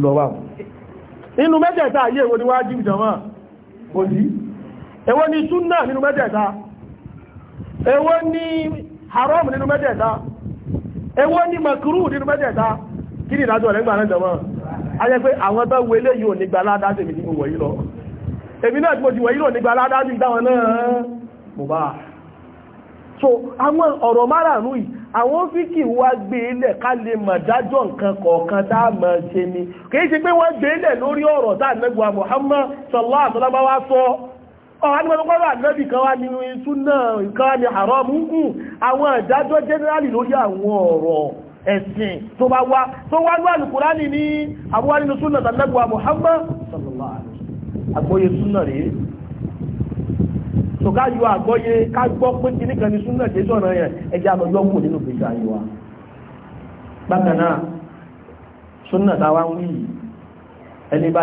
(laughs) nínú mẹ́tẹ̀ẹ̀ta yìí èwo ni wájìbù jama òjì ni nínú mẹ́tẹ̀ẹ̀ta èwo ni haram nínú mẹ́tẹ̀ẹ̀ta ni nínú kí ayẹ́ pé àwọn tó wọlé yóò nígbà ládá sí ìdí gbogbo yìí lọ èmi náà tí mo ti wọ̀nyí lò nígbà ládá ìdáwọn náà mo bá so àwọn ọ̀rọ̀ márààrún yìí àwọn fíkì wá gbé ilẹ̀ ká lè mọ̀ dájọ́ nǹkan kọ̀ọ̀kan tá a mọ̀ ṣe ni kìí ṣe pé wọ́n gbé ilẹ̀ lórí ọ̀rọ̀ tá ànẹ́gbà Muhammad sallallahu alaihi wasallam wá sọ ọ̀hán generally lórí àwọn ẹ̀sìn tó bá wá tó wá ní Al-Kùránì ní àbúwá nínú súnà tàbílẹ́gbà Muhammad sallallahu alaihi wasallam àgbóyé súnà rèé tó ká yọ àgbóyé ká gbọ́ pé kí nìkan ní súnà tẹ́ sọ̀rọ̀ yẹn ẹjá lọ yọ wa bákan náà súnà táwa ń wí ẹni bá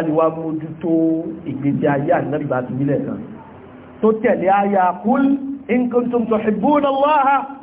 in kuntum tuhibbuna Allaha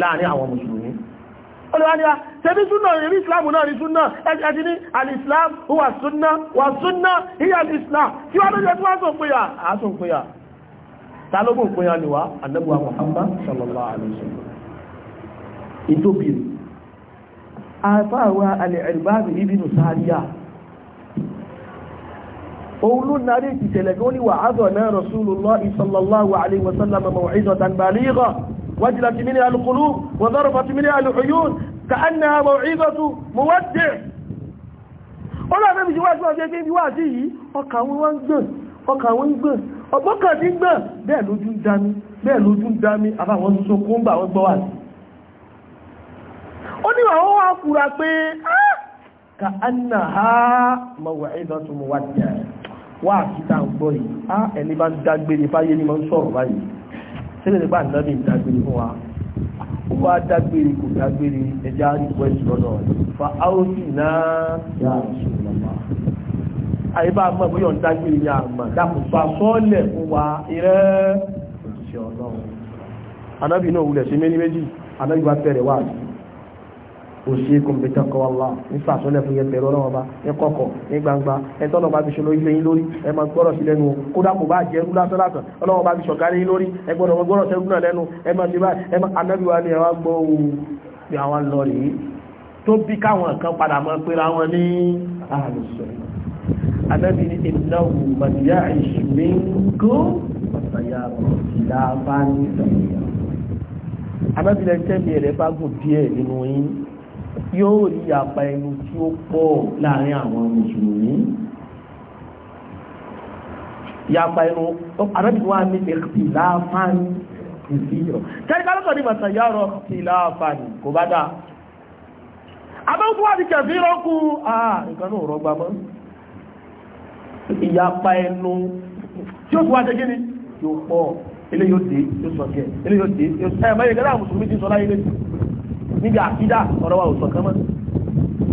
láàrin àwọn mùsùlùmí olùwàníwá tẹbí súnà ìrí islam náà rí súnà ẹjẹ́ ní alìslam wà súnà wà súnà ìyà islam tí wọ́n lójẹ́ tí wọ́n sọ pé àásùn pé à tálógún pé à níwá annabuwa Muhammad sallallahu alaihi wasallam ìtóbi àfáàwà alìrìbáàbì ibnu sáàríyà òun ló narí ìtìṣẹ̀lẹ̀ tó ní وجلت منها القلوب وضربت منها العيون كأنها موعظة مودع ọlọ́run mẹ́bí jíwá sí ọjọ́ ìbí wà sí yìí ọkà wọn wọ́n ń gbọ́n ọkà wọn ń gbọ́n ọgbọ́kà tí ń gbọ́n bẹ́ẹ̀ lójú ń dámi bẹ́ẹ̀ lójú ń dámi àbáwọn tuntun kó ń bà wọ́n gbọ́wà sí ó ní àwọn wá fura pé ka anna ha maw'izatu muwaddi' wà kí tá à ń gbọ́ yìí ẹni bá ń dágbére fáyé ni mo ń sọ̀rọ̀ báyìí sílẹ̀ nípa ànábì dágbére fún wa ó wá dágbére kò dágbére ẹja ìwọ ìṣúná fa áwòsì náà yà ìṣúná wa. àyè bá a mọ̀ bóyá ń dágbére ní àmà dàpọ̀ fa sọ́ọ̀lẹ̀ fún wa irẹ́ òṣìṣẹ́ ọlọ́run ànábì náà wulẹ̀ sí méjì méjì wa tẹ̀rẹ̀ wá sí òṣèkùn bí tẹ́kọ̀ ọlá nípa àtúnlẹ̀ fún yẹn tẹ̀rọ ọlọ́wọ́ bá ní kọ̀kọ̀ ní gbangba ẹ̀tọ́ lọ́wọ́ bá fi ṣòro ilé yín lórí ẹ máa gbọ́rọ̀ sí lẹ́nu kódà kò bá jẹ́ rúlá tó látàn ọlọ́wọ́ bá fi ṣọ̀gárí yín lórí ẹ gbọ́dọ̀ wọn gbọ́rọ̀ sẹ́gun náà lẹ́nu ẹ máa ti báyìí ẹ máa anábì wa ni ẹ wá gbọ́ ohun bí àwọn lọ rèé tó bí káwọn kan padà máa pé ra wọn ní àlùsọ anábì ni yóò rí apá ẹnu tí ó pọ̀ láàrin àwọn mùsùlùmí yàpá ẹnu arábìnrin wa ní ìlàfáàní ìfihàn kẹ́ríkà lọ́kọ̀ ní màtà yàrọ ìlàfáàní kò bá dáa abẹ́kùn wáti kẹfì rọ́kù àà nǹkan náà rọ́gbà mọ́ ìyàpá ẹnu tí ó fi wá jẹ́ gíní yóò pọ̀ ilé dé yóò sọ̀kẹ́ níbi àkídá ọ̀rọ̀ wa òsọ̀kan mọ́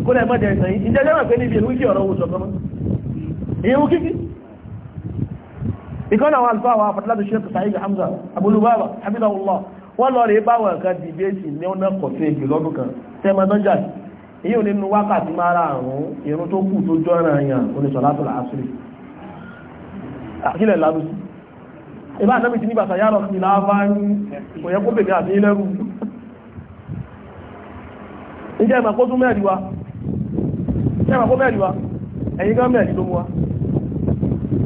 kó lẹ́ mọ́jẹ̀ ìsàn yìí ìjẹ́ jẹ́rọ̀ pé níbi ìlú kí ọ̀rọ̀ òsọ̀kan mọ́ ìyẹ̀wò kíkí ìkọ́nà àwọn alfáà wa fàtàlátò ṣe Sa'id Hamza abúlúbàbà hamidahullah wọ́n lọ rí báwọn kan dìbéètì ní ọ̀nà kọ̀fẹ́ èdè lọ́dún kan tẹ́mọ dọ́jà èyí ò nínú wákàtí máa ra àrùn irun tó kù tó jọ́ra yàn oníṣọ̀látò àṣírí àkílẹ̀ lábùsí ìbá àdábìtì nígbàtà yàrá ìlà kó bèbè àti ilẹ̀rù ìjẹ́ ìmọ̀ kó tún mẹ́rin wa ìjẹ́ ìmọ̀ kó mẹ́rin wa ẹ̀yin gan mẹ́rin ló mú wa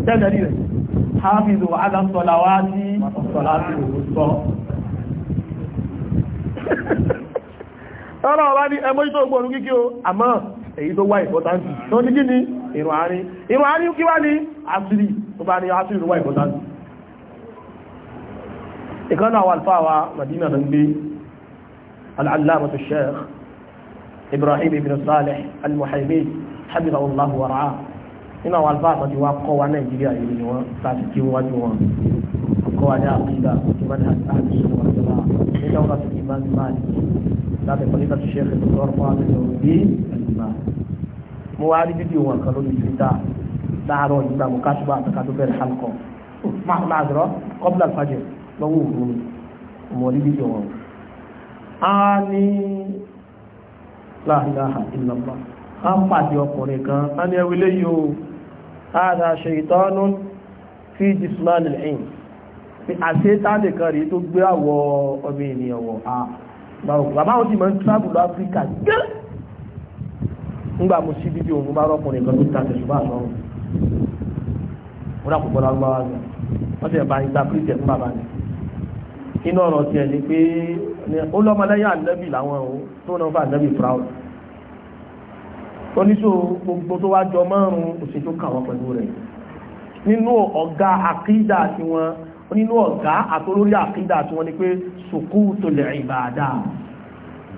tẹ́lẹ̀rí rẹ̀ hábìlò alásọ̀lá wá ní ọ̀sọ̀lá sí òwúsọ́ ọ̀rọ̀ wá ní ẹmọ́ ìtò ògbòrò kíkí o àmọ́ èyí tó wá ìfọ́tánsì tó ní kí ni ìrùn àárín ìrùn àárín kí wá ní àṣírí tó bá ní àṣírí tó wá ìfọ́tánsì ìkan náà wà alfáà wa Madina ibrahim ibn saleh al-muhaimin habibu allah wa ra'a nínú àwọn alfa àtọ́jú wa kọ́ wa nàìjíríà yìí ni wọ́n láti kí wọ́n ju wọn kọ́ wa ní àkídà ìmọ̀lẹ́ àti ìwàlúwà ní dáwọ́lá tó ìmọ̀ ní máàlì láti pẹ̀lú ìtàkì ṣe é lọ́rọ̀ fún àwọn ènìyàn òbí ìgbà mo wá rí fídíò wọn kan lórí twitter láàárọ̀ ìgbà mo káṣíbà àtàkà tó bẹ̀rẹ̀ halkọ́ máa ń láàzọ́rọ́ kọ́bílà fàjẹ̀ lọ́wọ́ òru mo rí fídíò wọn. a ní la ilaha illallah a pàdé ọkùnrin kan a ní ẹwí lé yóò ààrà ṣèyítọ́nù fi jisman al-ain àti tàbí kan rí tó gbé àwọ̀ ọmọ ènìyàn wọ̀ a bàbá wọn ti mọ̀ ń travel bá rọ́kùnrin kan tó ta ń gba inú ọ̀rọ̀ tiẹ̀ ni pé ó lọ́mọlẹ́yà ànábì làwọn o tó náà fà ànábì fraud oníṣò gbogbo tó wá jọ márùn-ún òṣèlú kàwọn pẹ̀lú rẹ̀ nínú ọ̀gá àkídà tí wọ́n nínú ọ̀gá àtolórí àkídà tí wọ́n ni pé sùkú tó lè ìbàdà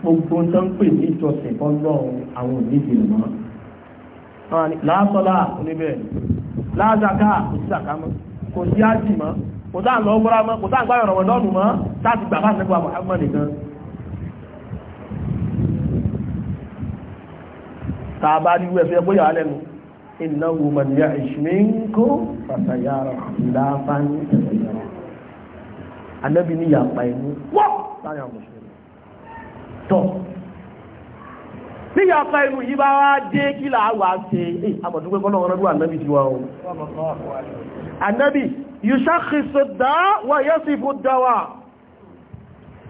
gbogbo tó ń pè ní ìjọsìn bọ́lọ́ àwọn òníbi mọ́ láàtọ́lá oníbẹ̀ láàzàká kò sí àkámọ́ kò sí ájì mọ́ kò tá à ń lọ ọgbọ́ra mọ́ kò tá à ń gbáyọ̀ rọ̀wọ̀ lọ́nù mọ́ láti gbà bá tá a bá rí wẹ́ fẹ́ bóyá lẹ́nu innahu man ya'ish minkum fasayara khilafan katira anábì ní yàpá ẹnu wọ́ láàrin àwọn mùsùlùmí tọ́ níyà ọ̀pá inú yìí bá wá dé kí làá wà á ṣe àmọ̀dúgbẹ́kọ́ náà yùsáàkìsì dáa wà yẹ́ sí fún dáwà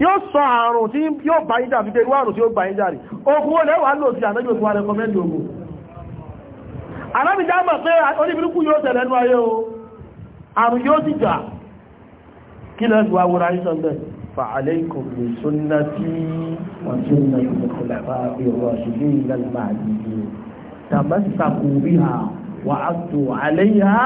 yóò sọ àrùn tí yóò bá yín jà fi tẹ́rù àrùn tí ó bá yín jà rí ogun ó lẹ́wàá lò sí ànábì òkú arẹ́kọmẹ́ndì ogun alábìjá mọ̀ pé oníbirúkú yóò tẹ̀lẹ̀ ẹnu ayé o àrùn yóò ti jà kí lẹ́nu awúra yí sọ́ndẹ̀ فعليكم بسنتي وسنة الخلفاء الراشدين المهديين تمسكوا بها وعضوا عليها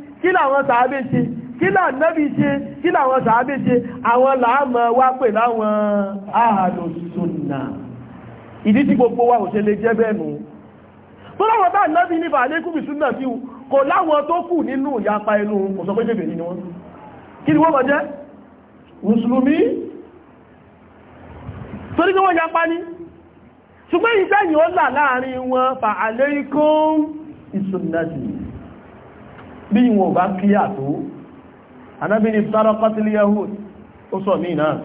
kí làwọn sàábé ṣe kí lànàbí ṣe kí làwọn sàábé ṣe àwọn làámọ̀ wá pè láwọn ahàlò sunna ìdí tí gbogbo wa ò ṣe lè jẹ́ bẹ́ẹ̀ nù tó láwọn bá nábi ní bàálẹ́kùnbì súnà sí kò láwọn tó kù nínú ìyapa inú kò sọ pé jẹ́bẹ̀ ní wọn kí ni wọ́n mọ̀ jẹ́ mùsùlùmí torí pé wọ́n yapa ní ṣùgbọ́n ìgbẹ̀yìn ó là láàrin wọn fa'alaykum ìsúnnàtì bí wọn bá kíyà tó anábìnì sarakati yahud ó sọ mí náà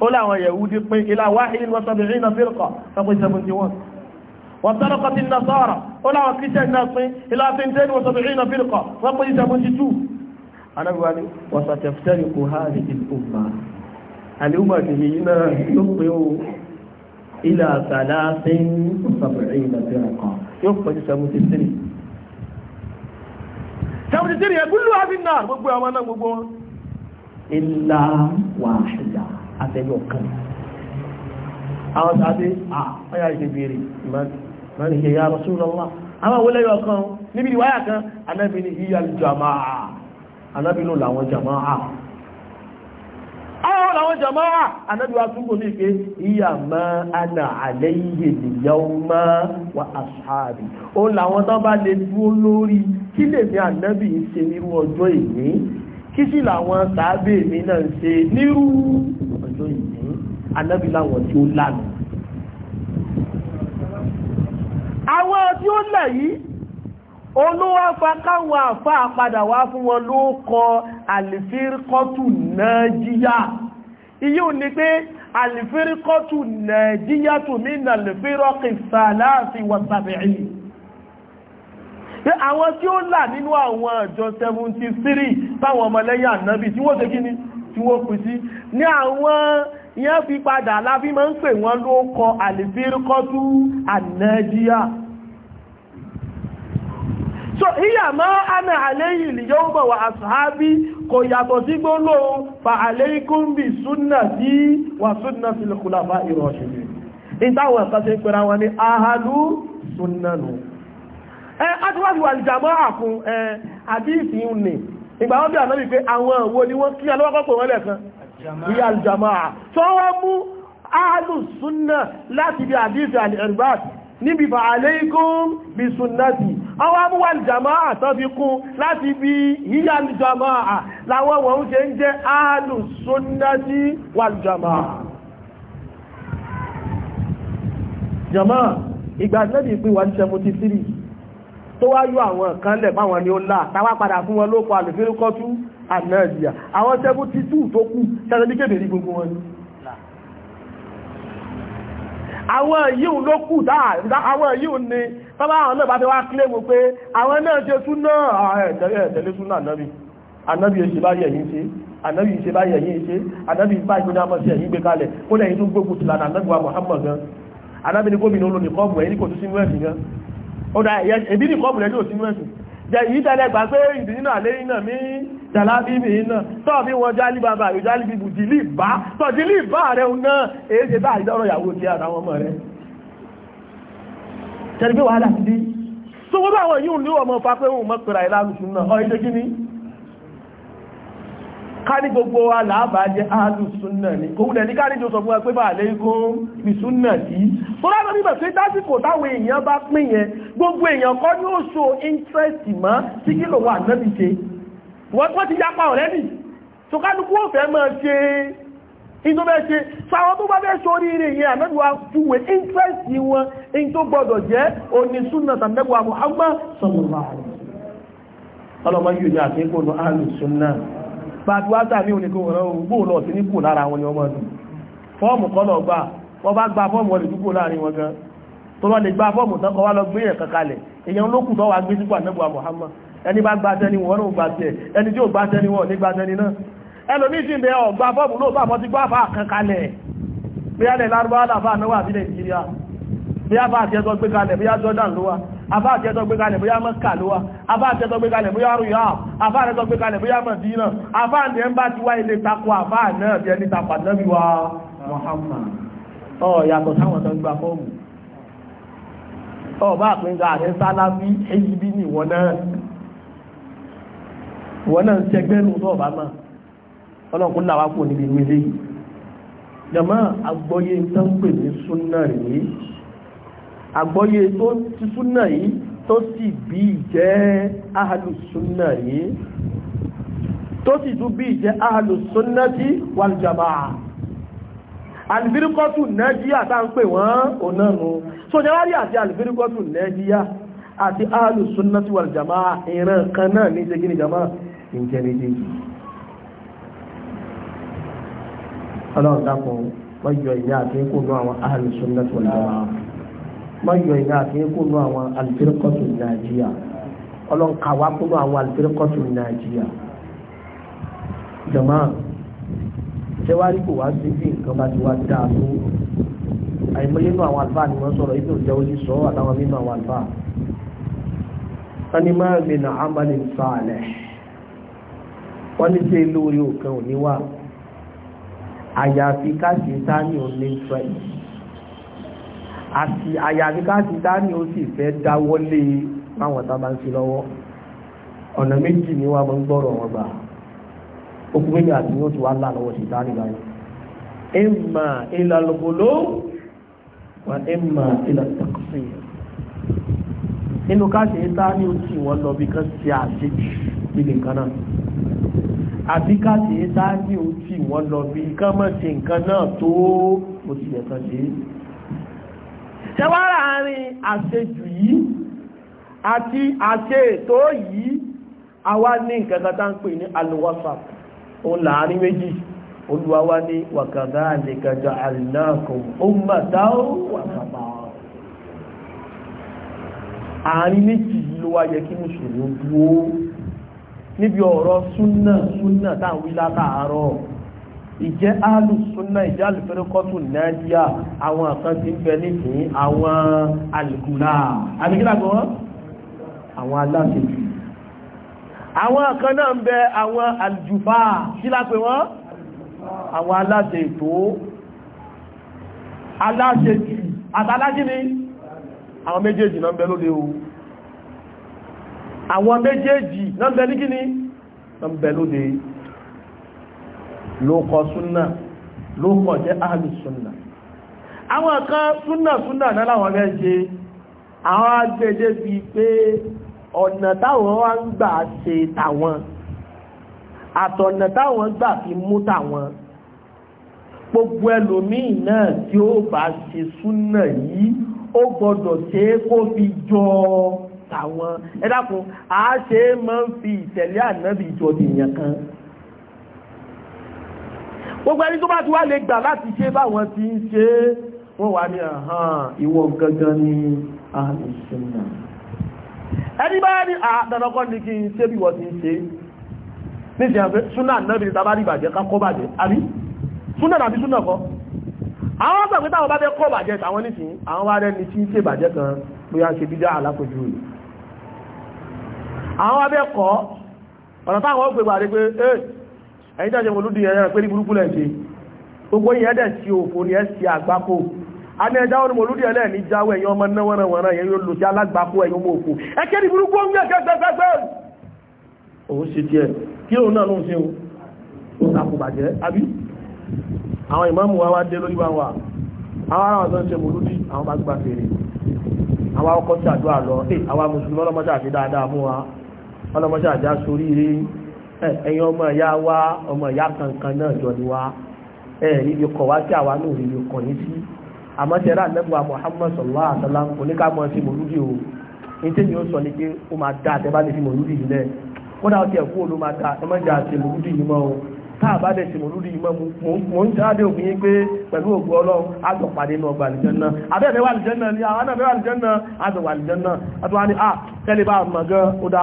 ó láwọn yahudi pé ilá wáhìlín wasabi'ina firqa sọpọ̀ 71 wasarakati nasara ó láwọn christian náà pé ilá 15 wasabi'ina firqa sọpọ̀ 72 anábìwá ni wasateftariku hadhihi al-umma al'umma ti yìí náà ló pé ó 73 seventy three yẹn kúlù á fi nà gbogbo àwọn náà gbogbo wọn. ìlà wàhálà àtẹ̀yọ̀ kan àwọn tàbí àyà ìṣèbèrè ìmọ̀ni ṣe ya Rasulullah àwọn awolẹ́yọ̀ kan níbi ìwáyà kan anábìnrin iyal jama'a anábìnrin làwọn jama'a àwọn àwọn jama'a anábíwá túnkò ní pé iya ma ana alayhi al-yawma wa ashabi o láwọn tán bá lè dúó lórí kí lè ní anábí ṣe nírú ọjọ́ ìní kí sí làwọn sàábé mi náà ṣe nírú ọjọ́ ìní anábí láwọn tí ó lánàá olówá fa káwọn àfá àpadà wá fún wọn ló kọ àlìfíríkọ́tù nàíjíyà iye ò ní pé àlìfíríkọ́tù nàíjíyà tó mí nà lèfírọ́kì sàláàfí wàtàbẹ̀ẹ́ pé àwọn tí ó là nínú àwọn ọjọ́ 73 táwọn ọmọlẹ́yìn ànábì tí wọ́n ṣe ni tí wọ́n pè sí ní àwọn ìyẹn fi padà láfí máa ń pè wọ́n ló kọ àlìfíríkọ́tù ànájíyà so iya ma ana alayhi li yawma wa ashabi kò yàtọ̀ sí gbolo fa alaykum bi sunnati wa sunnati al khulafa ar-rashidin inta wa ka se pera wa ni ahlu sunnanu eh atwa wal jamaa kun eh hadith yun ni ìgbà wọ́n bi Ànábì pé àwọn wo ni wọ́n kí alowo ko wọ́n iya al so wa mu ahlu sunna láti bi hadith al-irbad níbi bá aléìkún bí sunnati àwọn amúwà jama'a tán fi kún láti bí híyà jama'a láwọn wọ́n ṣe ń jẹ́ áàlù sunnati wà jama'a jama'a ìgbà nẹ́bì pín wà ní 73 tó wá yọ àwọn kan lẹ̀ báwọn ni ó láà tàwà padà fún wọn lókọ àlùfẹ́rẹ́kọ́tú àmì àwọn 72 tó kù tẹ́lẹ̀ àwọn yíò ló kù dáa àwọn yíò ni tọ́lá àwọn náà bá ti wá kílé mú pé àwọn náà ṣe súnà ẹ̀tẹ̀lé súnà ànábì ànábì èṣe bá yẹ̀yìn ṣe ànábì ìṣe bá yẹ̀yìn ṣe ànábì bá ìgbóná mọ́ sí ẹ̀yìn gbé kalẹ̀ ó lẹ́yìn tó gbógun ti lànà ànábì wa Muhammad yìí tẹ́lẹ̀ gbà pé ìdí nínú àlé iná mi jàlá bíbì iná tọ́ bí wọn jálí bàbá rẹ̀ jálí bíbù dìlì bá tọ́ dìlì bá rẹ̀ náà èyí ṣe bá ìdọ́rọ̀ ìyàwó ti ara wọn mọ̀ rẹ̀ tẹ́lẹ̀ pé wàhálà ti dí so wọ́n bá àwọn yìí ń lé ọmọ fa pé òun mọ́ pẹ̀rẹ̀ ìlànà kárí gbogbo wa láàbà jẹ́ àádù súnnà ní kò wùlẹ̀ ní kárí jọ sọ fún ẹgbẹ́ bà lè kún bí súnnà tí tó lábẹ́ bíbẹ̀ pé dásìkò táwọn èèyàn bá pín yẹn gbogbo èèyàn kọ́ ní ó so interest mọ́ tí kí ló wà náàbì ṣe wọ́n ti yapa ọ̀rẹ́bì tó kálukú ò fẹ́ mọ́ ṣe inú bẹ́ ṣe sáwọn tó bá bẹ́ sórí rẹ̀ yẹn àmẹ́gbà fúwẹ̀ súnnà bá tí wá sàmì òníkan ẹni bá gba tẹni wọn náà gba tẹ ẹni tí ò gba tẹni wọn ní gba tẹni náà ẹlòmíì sì ń bẹ ọgbà fọ́ọ̀mù lóòótọ́ ti gbá àfà kan kalẹ̀ bí alẹ́ lárúbáwá làfà náwà sí Nàìjíríà bí àfà àti ẹ̀sọ́ àbá àtẹ́tọ́ gbé kalẹ̀ bóyá Mẹ́kà ló wà àbá àtẹ́tọ́ gbé kalẹ̀ bóyá rúyà àbá àtẹ́tọ́ gbé kalẹ̀ bóyá Mẹ́dínà àbá àtẹ́ ń bá ti wá ilé takọ àbá náà bí ẹni tapà náàbí wa Muhammad ọ yàtọ̀ sáwọn tó ń gba fọ́ọ̀mù ọ bá àpínká àti sálábí ẹyibí ni wọ́n náà wọ́n náà ń ṣẹgbẹ́ nù tó bá mà ọlọ́kùn làwà kò níbi ìwé lẹ́yìn jọmọ́ àgbọ́yé tán pè ní súnà rèé àgbọ́yé tó ti súnà yìí tó sì bí ìjẹ́ ahàlù súnà yìí tó sì tún bí ìjẹ́ ahàlù súnà tí wal jamaa alìfíríkọ́tù nẹ́jíyà tá ń pè wọ́n onánu so jẹ́wárí àti alìfíríkọ́tù nẹ́jíyà àti ahàlù súnà tí wal jamaa ìran kan náà ní ṣe gíní jamaa ìjẹrìjì mọ́jọ iná àti kúnnú àwọn alifirikọ́tù nàìjíríà ọlọ́nkà wá kúnnú àwọn alifirikọ́tù nàìjíríà jọ̀mọ́ tẹ́wárí kò wá sí bí nǹkan bá ti wá dáa tó àìmọye nínú àwọn àlùfáà ni wọ́n sọ̀rọ̀ ibi òjò ojú sọ àtàwọn nínú àwọn àlùfáà sani máa mi nà ámàlì sàlẹ̀ wọ́n ní sí lórí òkan òní àyàfi káṣí sáà ní òní fẹ́ẹ́ àti àyàfi káàkiri dání ó sì fẹ́ dáwọ́lé báwọn tá a bá ń ṣe lọ́wọ́ ọ̀nà méjì ni wọ́n máa ń gbọ́rọ̀ wọn gbà okùn méjì àti ní ó ti wá là lọ́wọ́ sí dání báyìí ìmà ìlàlùkòló wà ìmà ìlàtàkùsì inú káàkiri dání ó sì wọ́n lọ bí kan ṣe àṣejù níbi nǹkan náà àbí káàkiri dání ó sì wọ́n lọ bí kan mọ̀ ṣe nǹkan náà tó ó ti yẹ kan ṣe ṣẹwàá àárín àṣejù yìí àti àṣe ètò yìí àwa ní nǹkan ń pè ní alwasat òun láàrin méjì Olúwa wa ní wa kadhalika ja'alnakum ummatan wasata àárín méjì ló wá yẹ kí mùsùlùmí dúó níbi ọ̀rọ̀ súnnà súnnà táwọn wí ìjẹ́ alùsúnà ìjẹ́ alùfẹ́rẹ́kọ́tù nàíjíríà àwọn àkan ti ń bẹ nísìnyí àwọn alùkùnà àbíkílàgbọ́ àwọn aláṣẹ́jù àwọn àkan náà ń bẹ àwọn alùjùfà sílápẹ̀ wọ́n àwọn aláṣẹ ètò aláṣẹ́jù àtàlájí ni àwọn méjèèjì náà ń bẹ lóde o àwọn méjèèjì náà ń bẹ ní kíní ló kọ súnà ló kọ̀ jẹ́ ahàlù súnà àwọn kan súnà súnà náà láwọn fẹ́ ṣe àwọn agbẹ́jẹ́ bí pé ọ̀nà táwọn wá ń gbà ṣe tàwọn àtọ̀nà táwọn gbà fi mú tàwọn gbogbo ẹlòmíì náà tí ó bá ṣe súnà yìí ó gbọdọ̀ ṣe kó fi jọ tàwọn ẹ dákun àá fi ìtẹ̀lé ànábì jọ dìyàn kan gbogbo ẹni tó bá ti wá lè gbà láti ṣe báwọn ti ń ṣe wọ́n wà ní àhán ìwọ gangan ní àmìṣẹ́nà ẹni bá ní àdánakọ́ ní kí n ṣe bí wọ́n ti ń ṣe ní ṣe àfẹ́ súnà náà bí tàbá rí bàjẹ́ ká kọ́ bàjẹ́ àbí súnà àbí súnà kọ́ àwọn ọ̀sán pé táwọn bá fẹ́ kọ́ bàjẹ́ tàwọn nísìnyí àwọn wá rẹ́ni tí ń ṣe bàjẹ́ kan bóyá ṣe bídá alákojú rẹ̀ àwọn abẹ́kọ̀ọ́ ọ̀nà táwọn ó pè pàdé pé ẹ̀yìn tàbí olódì ẹ̀rẹ́ pé ní burúkú lẹ́ẹ̀ṣe gbogbo yìí ẹ̀dẹ̀ sí òfò ní ẹ̀sì àgbákò a ní ẹjá ọdún olódì ẹ̀lẹ́ ní jáwọ́ ẹ̀yìn ọmọ náà wọ́n yóò lò sí alágbàkò ẹ̀yìn ọmọ òfò ẹ̀kẹ́ àjá sórí rí Eh, ẹ̀yin ọmọ ìyá wa ọmọ ìyá kankan náà jọ ni wa ẹ̀ eh, níbi kọ̀ wá sí àwa náà níbi ní sí àmọ́ tẹ́lá nẹ́bùwà Muhammad sọ̀lá àtàlà oníkàmọ́ sí mòlúdì o ní tẹ́yìn ó sọ ni pé ó máa dá àtẹ́bá lè táà bá dẹ̀ ṣèmọ̀ lórí ìmọ̀ mò ń jáde òfin yín pé pẹ̀lú ògùn ọlọ́run àjọ pàdé náà gba àlìjẹ́nà abẹ́ẹ̀fẹ́ wà àlìjẹ́nà ni àwọn náà fẹ́ wà àlìjẹ́nà àjọ wà àlìjẹ́nà àti wà ní à tẹ́lẹ̀ bá mọ̀ gan ó da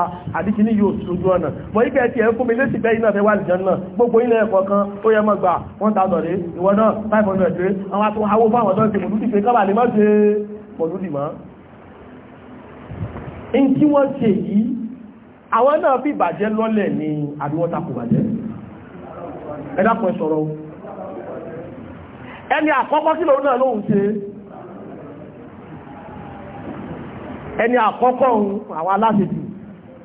ní yóò sojú ọ̀nà mọ̀ yí kẹ́ẹ̀tì ẹ̀ fún mi létí bẹ́ẹ̀ náà fẹ́ wà àlìjẹ́nà gbogbo ilẹ̀ ẹ̀kọ́ kan ó yẹ mọ̀ gbà wọ́n ta sọ̀rẹ́ ìwọ náà five hundred rẹ̀ àwọn àti àwọ fún àwọn tó ń ṣe mọ̀lúdì pé kábàlì má ṣe mọ̀lúdì mọ́. in tí wọ́n ṣe yìí àwọn náà fi bàjẹ́ lọ́lẹ̀ ni àbí wọ́n takò bàjẹ́ ẹ̀dàpọ̀ ìṣọ̀rọ̀ ẹni àkọ́kọ́ kí lòun náà lóhun ṣe ẹni àkọ́kọ́ ohun àwọn aláṣẹ́jù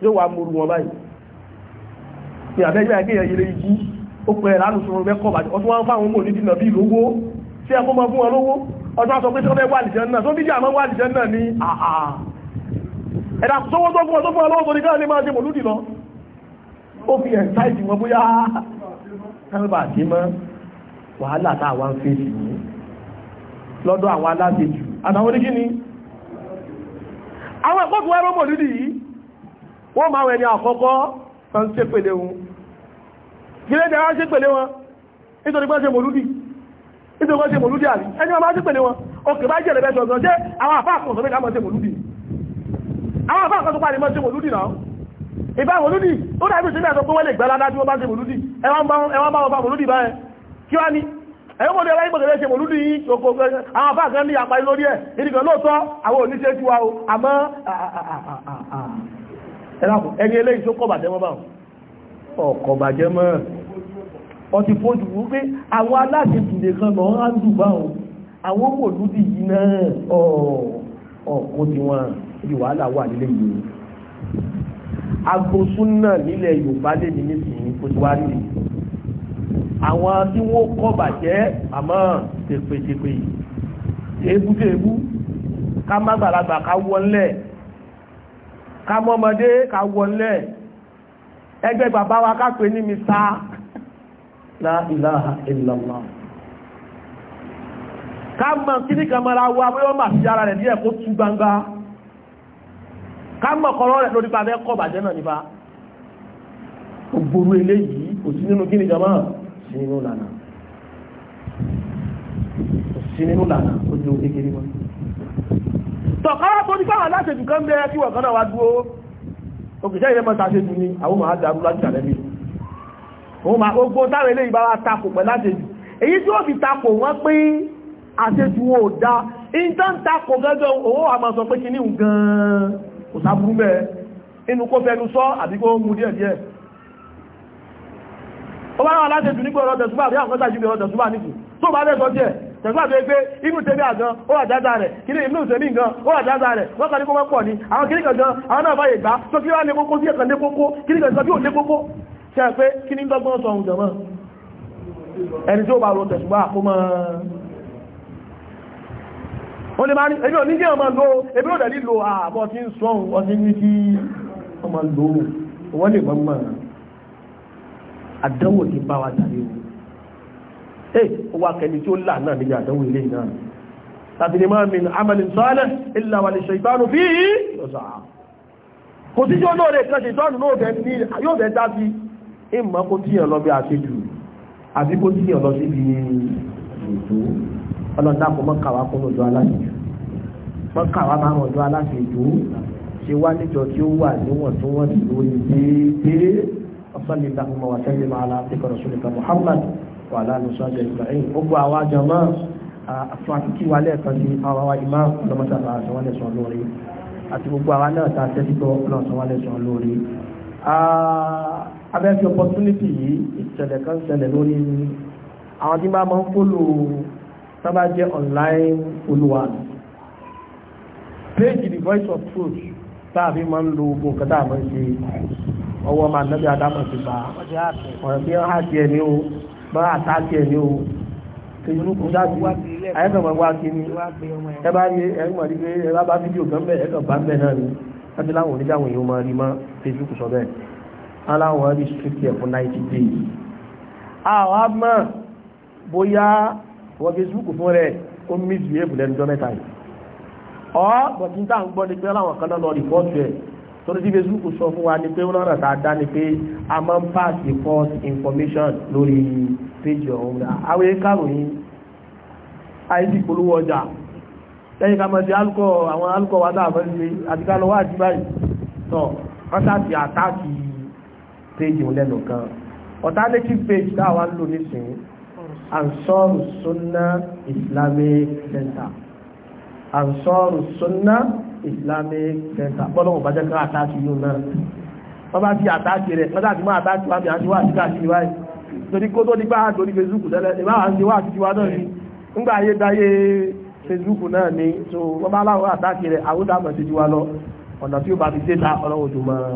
yóò wà múrù wọn báyìí ní àbẹ́jẹ́ àgbéyàn yẹrẹ ijú ó pẹ̀lẹ̀ lánùsùn mẹ́kọ̀ bàjẹ́ ọdún wọn fáwọn mọ̀ nídìí náà bí lówó tí ẹkọ́ mọ́ fún wọn lówó ọdún aṣọ pé tí wọ́n fẹ́ wà lìjẹ́ náà tó bí jẹ́ àmọ́ wà lìjẹ́ náà ní àà ẹ̀dà sọ́wọ́ tó fún ọ tó fún ọ lọ́wọ́ tó ní káà ní máa ṣe mọ̀lúdì lọ ó fi ẹ̀ kámẹ́bà sí mọ́ wàhálà tá àwọn ń fèsì ní lọ́dọ̀ àwọn aláṣejù àtàwọn oníkíní àwọn ẹ̀kọ́ tó wá rọ́mọ̀ lódì yìí wọ́n máa wẹ̀ ní àkọ́kọ́ tán ṣe pèlé wọn gílé ìdẹ̀ wọ́n ṣe pèlé wọn nítorí pé ṣe mọ̀lúdì nítorí pé ṣe mọ̀lúdì àrí ẹni wọ́n máa ṣe pèlé wọn òkè bá jẹ́ àwọn àfáà kan sọ pé ká máa náà ìbá mòlúdì ó dàbí sí mẹ́sọ pé wọ́n lè gbẹ́lá dájú wọ́n bá ṣe mòlúdì ẹwọ́n bá wọ́n bá mòlúdì báyẹn kí wá ní ẹ̀yọ́ mọ̀lẹ́ ọlá ìgbòdè ṣe mòlúdì yìí àwọn afá kan ní àpárí lórí ẹ̀ ìdìgbọ̀n lóòótọ́ àwọn oníṣẹ́ ti wa o àmọ́ ẹni eléyìí tó ti fojú wípé àwọn aláṣẹ́jù nìkan lọ ń dù báwọn àwọn mòlúdì yìí náà ọ̀ọ̀kọ́ tiwọn ibi wàhálà wà nílé yìí agbósúnà nílẹ̀ yorùbá lè ní nísìnyí kó ti wá rí i àwọn tí wọ́n kọ́ bàjẹ́ àmọ́ tèpètèpè tèébútèébú ká má gbàlagbà ká wọlé ká mọ́mọdé ká wọlé ẹgbẹ́ bàbá wa ká pè ní mista la ilaha illallah ká mọ̀ kí ní kan mọ́ra wa wọ́n mà sí ara rẹ̀ díẹ̀ kó tú gbangba ká mọ̀ kọ́rọ́ rẹ̀ lórí pàfẹ́ kọ́ bàjẹ́ náà nípa ògbòrú eléyìí kò sí nínú kí ni jama sí nínú lànà kò sí nínú lànà ó jẹ́ kékeré wọn. tọ̀kọ́rọ́ tó ní káwọn aláṣejù kan bẹ́ẹ̀ kí wọ̀kan náà wá dúró òkèjẹ́ ìrẹ́ mọ́ta ṣe jù ní àwọn máa darú láti àlẹ́bí ogun táwọn eléyìí bá wá pẹ̀ láti èyí tí ó fi takò wọ́n pé àṣejù wọn ò dá in tó ń gẹ́gẹ́ owó àmọ́sọ pé kí ní gan kò sáburú mẹ́ inú kó fẹ́nu sọ àbí kó mú díẹ̀ díẹ̀ ó bá rán aláṣẹ jù nígbà ọ̀rọ̀ tẹ̀sùbà àbí àwọn tàjú ọ̀rọ̀ tẹ̀sùbà nìkù tó bá rẹ̀ sọ díẹ̀ tẹ̀sùbà tó pé inú tẹ̀mí àgan ó wà dáadáa rẹ̀ kí ní inú tẹ̀mí nǹkan ó wà dáadáa rẹ̀ wọ́n kàn ní kó mọ́ pọ̀ ní àwọn kìnnì kan gan àwọn náà báyè gbá tó kí wá lé kókó sí ẹ̀kan lé kókó kìnnì kan sọ bí ò lé kókó ṣe pé kí ní dọ́gbọ́n sọ ohun jọ̀mọ́ ẹni tó bá rọ tẹ̀sùbà kó mọ́ ó ní bá ní ebi òní jẹ́ ọmọ lò ebi ó dẹ̀lí lò àbọ̀ tí ń sọ ohun ọdún ní kí ọmọ lò wọ́n lè mọ́ mọ́ àdánwò ti bá wa tàbí o ee ó wá kẹni tí ó là náà níbi àdánwò ilé náà tàbí ni máa min amalin sọ́ọ́lẹ̀ illa wà lè ṣe ìbánu bí ọ̀sà kò sí tí ó lóore kan ṣe ìtọ́nù náà yóò fẹ́ dá sí ìmọ̀ kó tíyàn lọ bí àṣejù àbí ọlọ́dà kò mọ́ kàwá kó lójú aláṣejù mọ́ kàwá máa mọ̀ lójú aláṣejù ṣe wá níjọ tí ó wà níwọ̀ntúnwọ̀nsì lórí déédéé ọ̀sán ìgbà fún wa sẹ́yìn máa la àti kọ̀rọ̀ sólùkà Muhammad wà lánà sọ́jà Ibrahim ó gbọ́ àwọn àjọ mọ́ àfún akíkí wa lẹ́ẹ̀kan sí àwọn wa ìmá ọlọ́mọta bá aṣọ wọn lẹ́sọ̀ lórí àti gbogbo àwa náà ta tẹ́sí tó ọlọ́sọ wọn lẹ́sọ̀ lórí. abẹ́fẹ́ opportunity yìí ìṣẹ̀lẹ̀ kan ṣẹlẹ̀ lórí àwọn tí máa máa ń fólò sábà jẹ́ online olúwa page the voice of truth tàbí máa ń lo ogun kẹta àmọ́ ṣe ọwọ́ máa nẹ́bí adámọ̀ ti bá ọ̀rọ̀ bí wọ́n hàtí ẹ̀ ní o bá àtàkì ẹ̀ ní o kejìlúkú dájú ayẹ́kọ̀ máa wá kí ni ẹ bá rí ẹ̀rí mọ̀ wípé ẹ bá bá fídíò kan bẹ́ẹ̀ ẹ̀kọ̀ bá ń bẹ̀ náà ni láti láwọn oníjàwọn èèyàn máa rí mọ́ Facebook sọ bẹ́ẹ̀ aláwọn rí strict ẹ̀ fún 90 days. àwọn á mọ̀ bóyá wọ́n facebook fún rẹ̀ ó misbehave lẹ́nu jọ mẹ́ta yìí ọ́ bọ̀tí ń tà ń gbọ́ ni pé láwọn kan lọ rìpọ́ọ̀tù ẹ̀ torí tí facebook sọ fún wa ni pé wọ́n rà dáa dáa ni pé a máa ń pass the false information lórí page ọ̀hún rà àwọn ekaròyìn àìsí polówó ọjà lẹ́yìn ká máa di alukọ àwọn alukọ wa dáa fẹ́ ṣe àti ká lọ wá àti báyìí tọ́ wọ́n sáàtì àtáàkì page òun lẹ́nu kan alternative ansọ́rù sunna islamic center ansọ́rù sunna islamic center bọ́lọ̀ ọ̀bá jẹ́ ká àtàkì yóò náà wọ́n bá ti àtàkì rẹ̀ wọ́n láti máa àtàkì wá bí a ti wá sí káàkiri wáyé torí kó tó ní bá àdórí facebook tẹ́lẹ̀ ìbá à ń ti wá sí tiwa náà ni ńgbà ayé dáyé facebook náà ni so wọ́n bá láwọn àtàkì rẹ̀ àwòdàmọ̀ sí tiwa lọ ọ̀nà tí ó bá fi dé ta ọlọ́wọ́ tó máa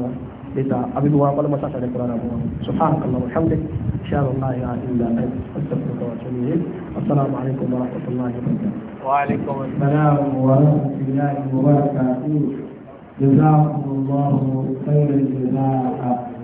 bisa abubuwa wani masa sa da kurana kuma subhanakallah walhamdik insha Allah ya illa an astaghfiruka wa atubu ilayk assalamu alaikum wa rahmatullahi wa barakatuh wa alaikum assalam wa rahmatullahi wa barakatuh جزاكم الله خير الجزاء